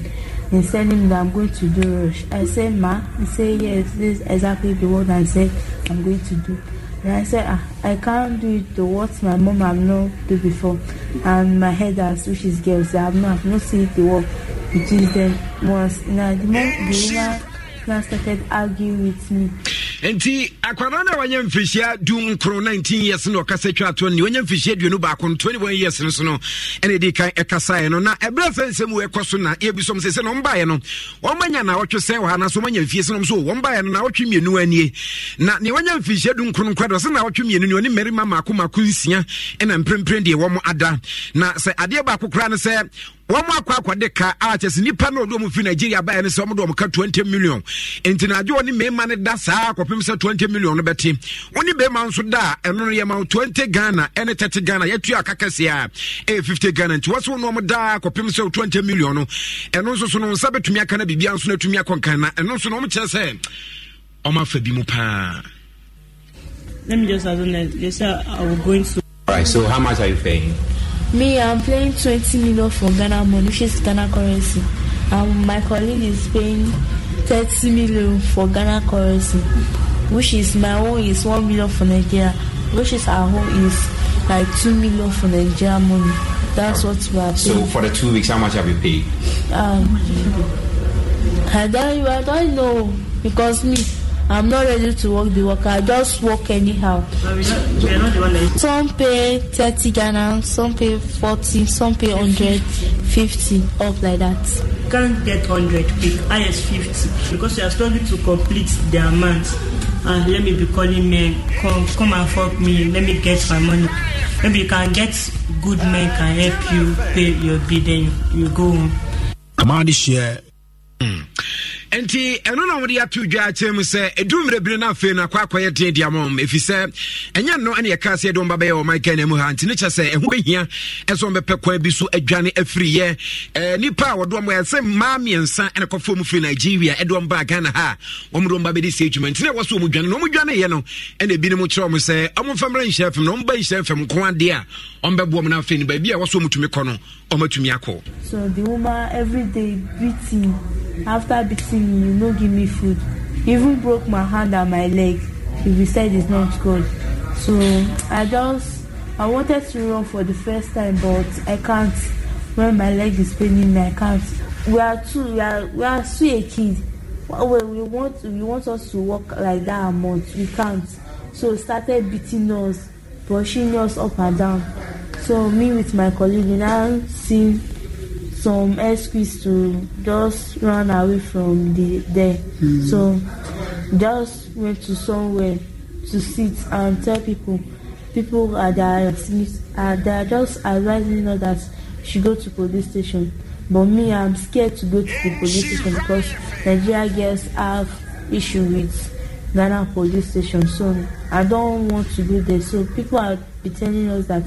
And said him that I'm going to do rush. I say, ma, he say yes, this is exactly the word I said I'm going to do. And I say, ah, I can't do it the what my mom have not do before. And my head has, which is girls, I have not, I've not seen the work between them once. Now, the moment the woman started arguing with me, nti akwara no a wanyɛ mfirihyia du nkron 19 years na ɔkasa twa atoɔ ne wanyɛ mfirihyia duonu baako no 21 years no so no ɛne ɛdi kan ɛkasaeɛ no na ɛberɛ sɛ nsɛm wɔ ɛkɔ so na yɛbisɔm sɛ sɛ na ɔmbaeɛ no ɔmanya nawɔtwe sɛ wɔ na so ɔmanya mfie sɛ nom so wɔmbaeɛ no nawɔtwe mmienu anie na neɛ wanya mfirihyia du nkron nkwa dɔ sɛ nawɔtwe mmienu ne ɔne mmarima maako maako nsia ɛna mprempren deɛ wɔm ada na sɛ adeɛ baako koraa no sɛ wɔn akɔ akɔde ka a sɛ nipa fi nigeria baayɛ ne sɛ de ka twenty million nti na adwo ɔne ne da saa akɔpem sɛ twenty million no bɛte ɔne mmarima nso da ɛno no yɛ ma twenty ghana ɛne thirty ghana yɛtu aka a ɛyɛ fifty ghana nti wɔsɛ ɔno da akɔpem sɛ twenty million no ɛno nso so no nsa bɛtumi aka na biribi nso na atumi akɔ nkan na ɛno nso na ɔmo kyerɛ sɛ ɔmo afa bi mu paa. let me just ask you this: you say i will go into. all right so how much are you paying. Me, I'm paying 20 million for Ghana money, which is Ghana currency. And my colleague is paying 30 million for Ghana currency, which is my own is 1 million for Nigeria, which is our own is like 2 million for Nigeria money. That's what we are paying. So for the two weeks, how much have you paid? Um, I don't, I don't know because me. I'm not ready to work the worker. I just work anyhow. Some pay 30 Ghana, some pay 40, some pay 100, 50, up like that. can't get 100 quick, highest 50, because you are struggling to complete the amount. Uh, let me be calling men, come, come and fuck me, let me get my money. Maybe you can get good men can help you pay your bill, then you, you go home. Come on, this year. Mm. nti ɛno na wɔde ato dwa akyerɛ mu sɛ ɛdu mmerɛbire no afei no akɔ akɔyɛ den deama m ɛfiri sɛ ɛnyɛ no ne yɛka sɛ yɛde ɔmbabɛyɛ wɔ maika no mu ha nti ne kyɛ sɛ ɛho bɛhia ɛsɛ ɔmbɛpɛ kwan bi so adwane afiriyɛ nipa a wɔde ɔmyɛ sɛ mmaa mmiɛnsa ne kɔfoɔ mu firi nigeria ɛde ɔmbaa ghana ha a wɔmde ɔmba bɛde sɛ adwuma nti ne ɛwɔ so ɔmu dwane na ɔmu dwaneyɛ no ɛna ebinom kyerɛ ɔm sɛ ɔmomfa mmerɛ nhyɛ fam na ɔmba nhyɛ fam nko adeɛ a ɔmbɛboa m no afei no baabi a ɛwɔ so ɔmutumi kɔ no ɔmatumi akɔ So the woman every day beating after beating me you no give me food you even broke my hand and my leg if you said it's not good. so i just i wanted to run for the first time but i can't when my leg is paining me i can't we are two we are we are still a kid well we want we want us to work like that a month, we can't so started beating us pushing us up and down so me with my colleague we now sing some excuse to just run away from the there. Mm. So just went to somewhere to sit and tell people. People are there, are there just advising us that she go to police station. But me, I'm scared to go to the police station because Nigeria girls have issue with Ghana police station. So I don't want to go there. So people are telling us that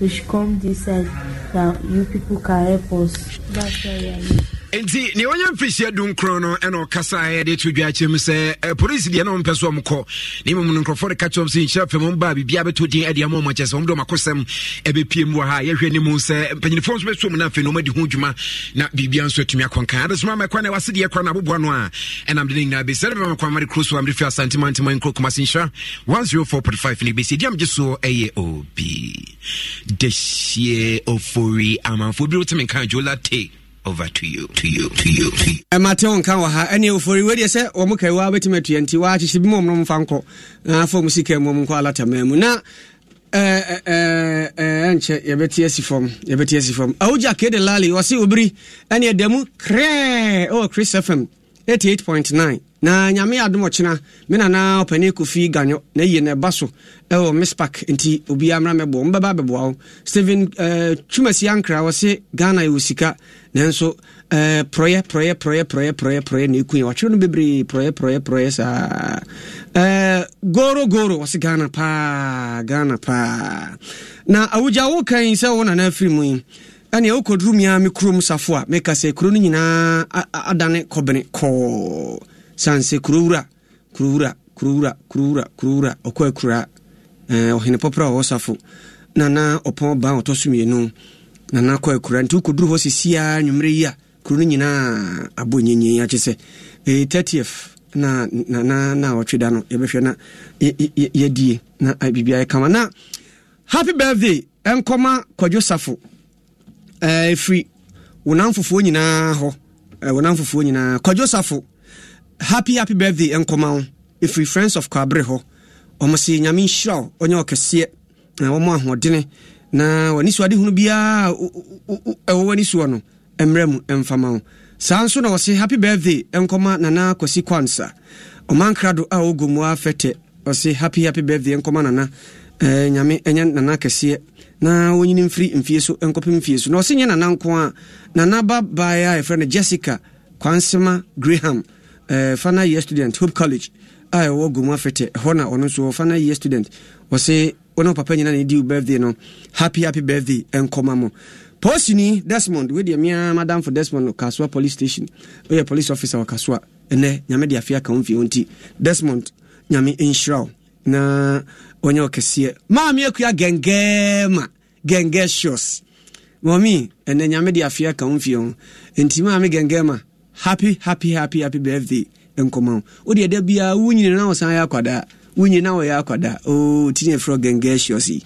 which come this side now you people can help us. That's all I need. nti nea ɔnyɛ mfirihyia du nkorɔ no ɛna ɔkasa yɛde to dwa akyerɛ mu sɛ polisi deɛ na ɔmpɛ so ɔmkɔ na mmom no nkurɔfoɔ de ka kyerɛ m sɛ nhyira fam ɔmbaa biribia bɛtɔ din ade ama ɔmakyɛ sɛ ɔmde ɔmakɔsɛm ɛbɛpie mu wɔ ha yɛhwɛ ne mu sɛ mpanyinifoɔ nso bɛsuo mu no afei na ɔmadi ho dwuma na biribia nso atumi akɔnka ade soma ma ɛkwa na wɔase deɛ kora no aboboa no a ɛnam de no nyinaa bɛsi ɛde bɛma kwa made so amde fi asantemanteman nkuro kumase nhyira 104.5 ne bɛsi ɛdi amgye soɔ ɛyɛ obi dɛhyɛ ofori amanfoɔ bi wotumi nka jolate over to you to you to you ɛmate ɔnka wɔ ha ɛne ofori wei deɛ sɛ wɔm kaiwa bɛtumi atua nti waakyehyɛ bi ma ɔmnom mfa nkɔ na afa mu sika mu ɔm nkɔ mu na ɛnkyɛ yɛbɛte asi fam yɛbɛte asi fam awogya kede lali ɔse obiri ɛne ɛda mu krɛɛ ɛwɔ chris fm 88.9 na nyame adom me nana ɔpani kofi ganyo na yie na ɛba so ɛwɔ mispak nti obiaa mmra mɛboa mbɛba bɛboa wo steven twumasi ankra wɔ se ghana yɛwɔ sika nanso uh, eh, prɔyɛ prɔyɛ prɔyɛ prɔyɛ prɔyɛ prɔyɛ na ɛkui wɔkyerɛ no bebree prɔyɛ prɔyɛ prɔyɛ saa uh, goro goro wɔse ghana paa ghana paa na awogya wokan sɛ wo nana afiri mu yi ɛnea wokɔduru mia me kurom safo a meka sɛ kuro no nyinaa adane kɔbene kɔɔ sane sɛ kurowura kurowura kurowura kurowura kurowura ɔkɔ akura eh, ɔhene uh, pɔprɔ a ɔwɔ safo nana ɔpɔn ban ɔtɔ so nana kɔ akura nti wokɔduru hɔ sesiaa nwummerɛ yi a kuro no nyinaa abɔ nyinyin akye sɛ e, 30f na na na ɔtwe da no yɛbɛhwɛ na yɛdie na biribia yɛkama na happy birthday ɛnkɔma kwadwo safo e, ɛfiri wonam fofoɔ nyinaa hɔ wonam e, fofoɔ nyinaa kwadwo safo happy happy birthday ɛnkɔma wo e, ɛfiri friends of kwabere hɔ ɔmo se nyame nhyira wo ɔnyɛ ɔkɛseɛ na wɔmɔ ahoɔdene na w'ani so ade hunu biara ɛwɔ e, w'ani soɔ no mmerɛ mu mfama wo saa nso na wɔse happy birthday nkɔma nana kwasi kwansa ɔmankrado a ɔgɔ mu afɛtɛ ɔse happy happy birthday nkɔma nana eh, nyame ɛnyɛ nana kɛseɛ na wɔnyini mfiri mfie so nkɔpem mfie so na ɔse nyɛ nana nko a nana babaeɛ a yɛfrɛ no jessica kwansema graham eh, fana year student hope college a ɛwɔ gɔ mu afɛtɛ ɛhɔ na ɔno nso ɔfana year student ɔse wɔne papa nyina ne diw birthday no happy happy birthday nkɔma mo posini desmond wedeɛ mea uh, madam for desmond kasoa police station ɔyɛ police officer wɔ kasoa ɛnɛ nyame de afei aka wo mfie wo nti desmond nyame nhyira wo na ɔnyɛ ɔkɛseɛ maame akua gɛngɛɛ ma gɛngɛ shos mɔmi ɛnɛ nyame de afei aka wo mfie ho nti maame gɛngɛɛ ma happy happy happy happy birthday nkɔma wo wodeɛ da biaa wo nyina na wo san yɛ akwadaa wo nyina wɔyɛ akwada o oh, tine frɔ gengesios yi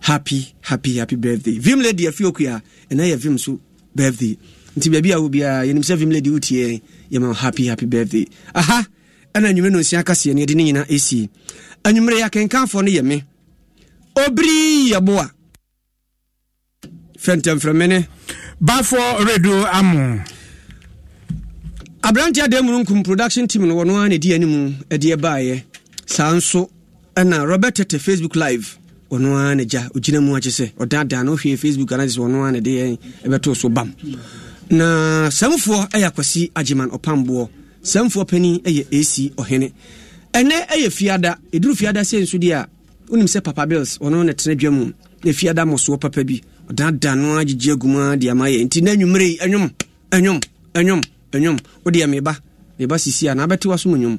happy happy happy birthday vim lady afi oku a ɛna yɛ vim so birthday nti baabi a wo biara yɛnim sɛ vim lady wotie yɛma happy happy birthday aha ɛna anwummerɛ no nsia kaseɛ no yɛde ne nyina ɛsie anwummerɛ yɛ akenkanfoɔ no yɛ me obiri yɛboa boa ne bafoɔ radio amo aberanteɛ da mu no nkum production team no wɔno a ne di animu ɛdeɛ baeɛ saa nso ɛna robert tete facebook live ɔno ara ne gya ɔgyina mu akye sɛ ɔdaadaa na hwee facebook ana sɛ ɔno ara ne deɛ ɛbɛto so bam na samfoɔ ɛyɛ akwasi agyeman ɔpamboɔ samfoɔ pani ɛyɛ ac ɔhene ɛnɛ ɛyɛ fiada ɛduru fiada sɛ nso deɛ a wonim sɛ papa bills ɔno ne tena dwa mu na fiada mmɔsoɔ papa bi ɔdaadaa no ara gyegye agu mu ama yɛ nti na anwummere yi ɛnwom ɛnwom ɛnwom ɛnwom wodeɛ meba meba sisi a na abɛte wa so mu nnwom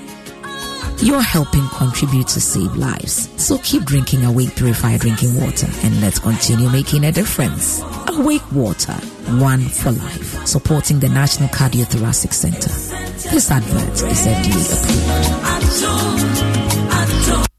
you're helping contribute to save lives. So keep drinking Awake Purified Drinking Water and let's continue making a difference. Awake Water, one for life. Supporting the National Cardiothoracic Center. This advert is FDA approved.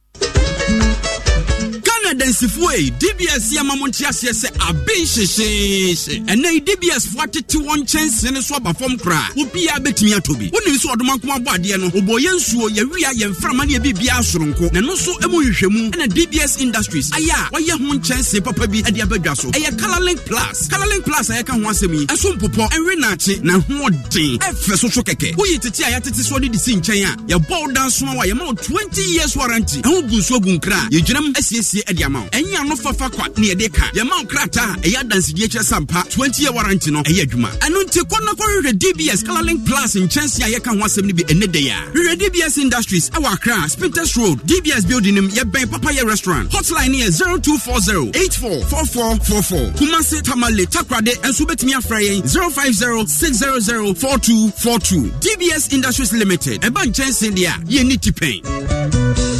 adansifoɔ yi dbs yɛ ma mo nte aseɛ sɛ abe hyehyeehye ɛnɛ yi dbs foɔ atete wɔn nkyɛnsee ne so aba fam koraa obiara bɛtumi atɔ bi wonim sɛ ɔdoma nkoma bɔ adeɛ no wɔbɔ yɛn nsuo yɛwia yɛn mframa ne yɛbiribia na n'ano so mu nhwehwɛmu ɛna dbs industries ayɛ a wɔayɛ ho nkyɛnsee papa bi de abadwa so ɛyɛ colorlink plus colorlink plus a yɛka ho asɛm yi ɛso mpopɔ ɛnwe naakye na hoɔden ɛfɛ so so kɛkɛ woyi tete a yɛatete so de de si nkyɛn a yɛbɔ wo danso a yɛma wo 20 years warranty ɛho gu nsuo gu nkra a yɛgyinam asiesie de ama no ɛnyɛ ano fafa kwa ne yɛde ka yɛma wo krataa a ɛyɛ adansedie kyerɛ sɛ mpa 20 yɛ warranty no ɛyɛ adwuma ɛno nti kɔ na kɔhwehwɛ dbs colorlink plus nkyɛnse a yɛka ho asɛm no bi ɛnɛ dɛ a hwehwɛ dbs industries ɛwɔ akra spintex road dbs building nim yɛbɛn papayɛ restaurant hotline ne yɛ 0240 844444 kumase tamale takrade nso wobɛtumi afra yɛn 0506004242 dbs industries limited ɛba nkyɛnse deɛ a yɛnni tipɛn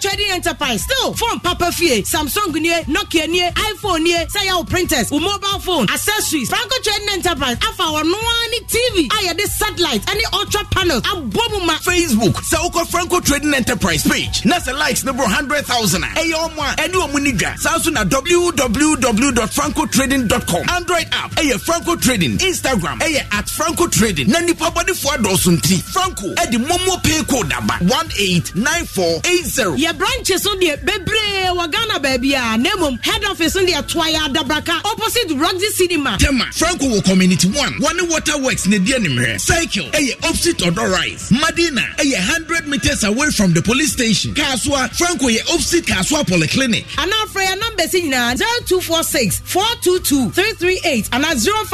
trading enterprise still phone papa fie samsung ni nokia ni iphone ni sɛ yɛ printers wo mobile phone accessories franco trading enterprise afa wɔn noa tv a yɛde satellite any ultra panels abɔ ma. facebook sɛ wokɔ franco trading enterprise page na sɛ likes ne boro hundred thousand a ɛyɛ ɔmo a ɛne ɔmo ni dwa saa na www.francotrading.com android app ɛyɛ franco trading instagram ɛyɛ at franco trading na nipa for adɔɔso nti franco di momo pay code aba one eight nine four eight zero yɛ branches no deɛ bebree wɔ ghana baabi a na mmom head office no deɛ toa adabraka opposite roxy cinema tema franco wɔ community one wɔne water works ne deɛ nimerɛ cycle ɛyɛ opposite ɔdɔ rise madina ɛyɛ hundred meters away from the police station kasoa franco yɛ opposite kasoa polyclinic anaa frɛ yɛ numbers nyinaa zero two four six four two two three three eight ana zero.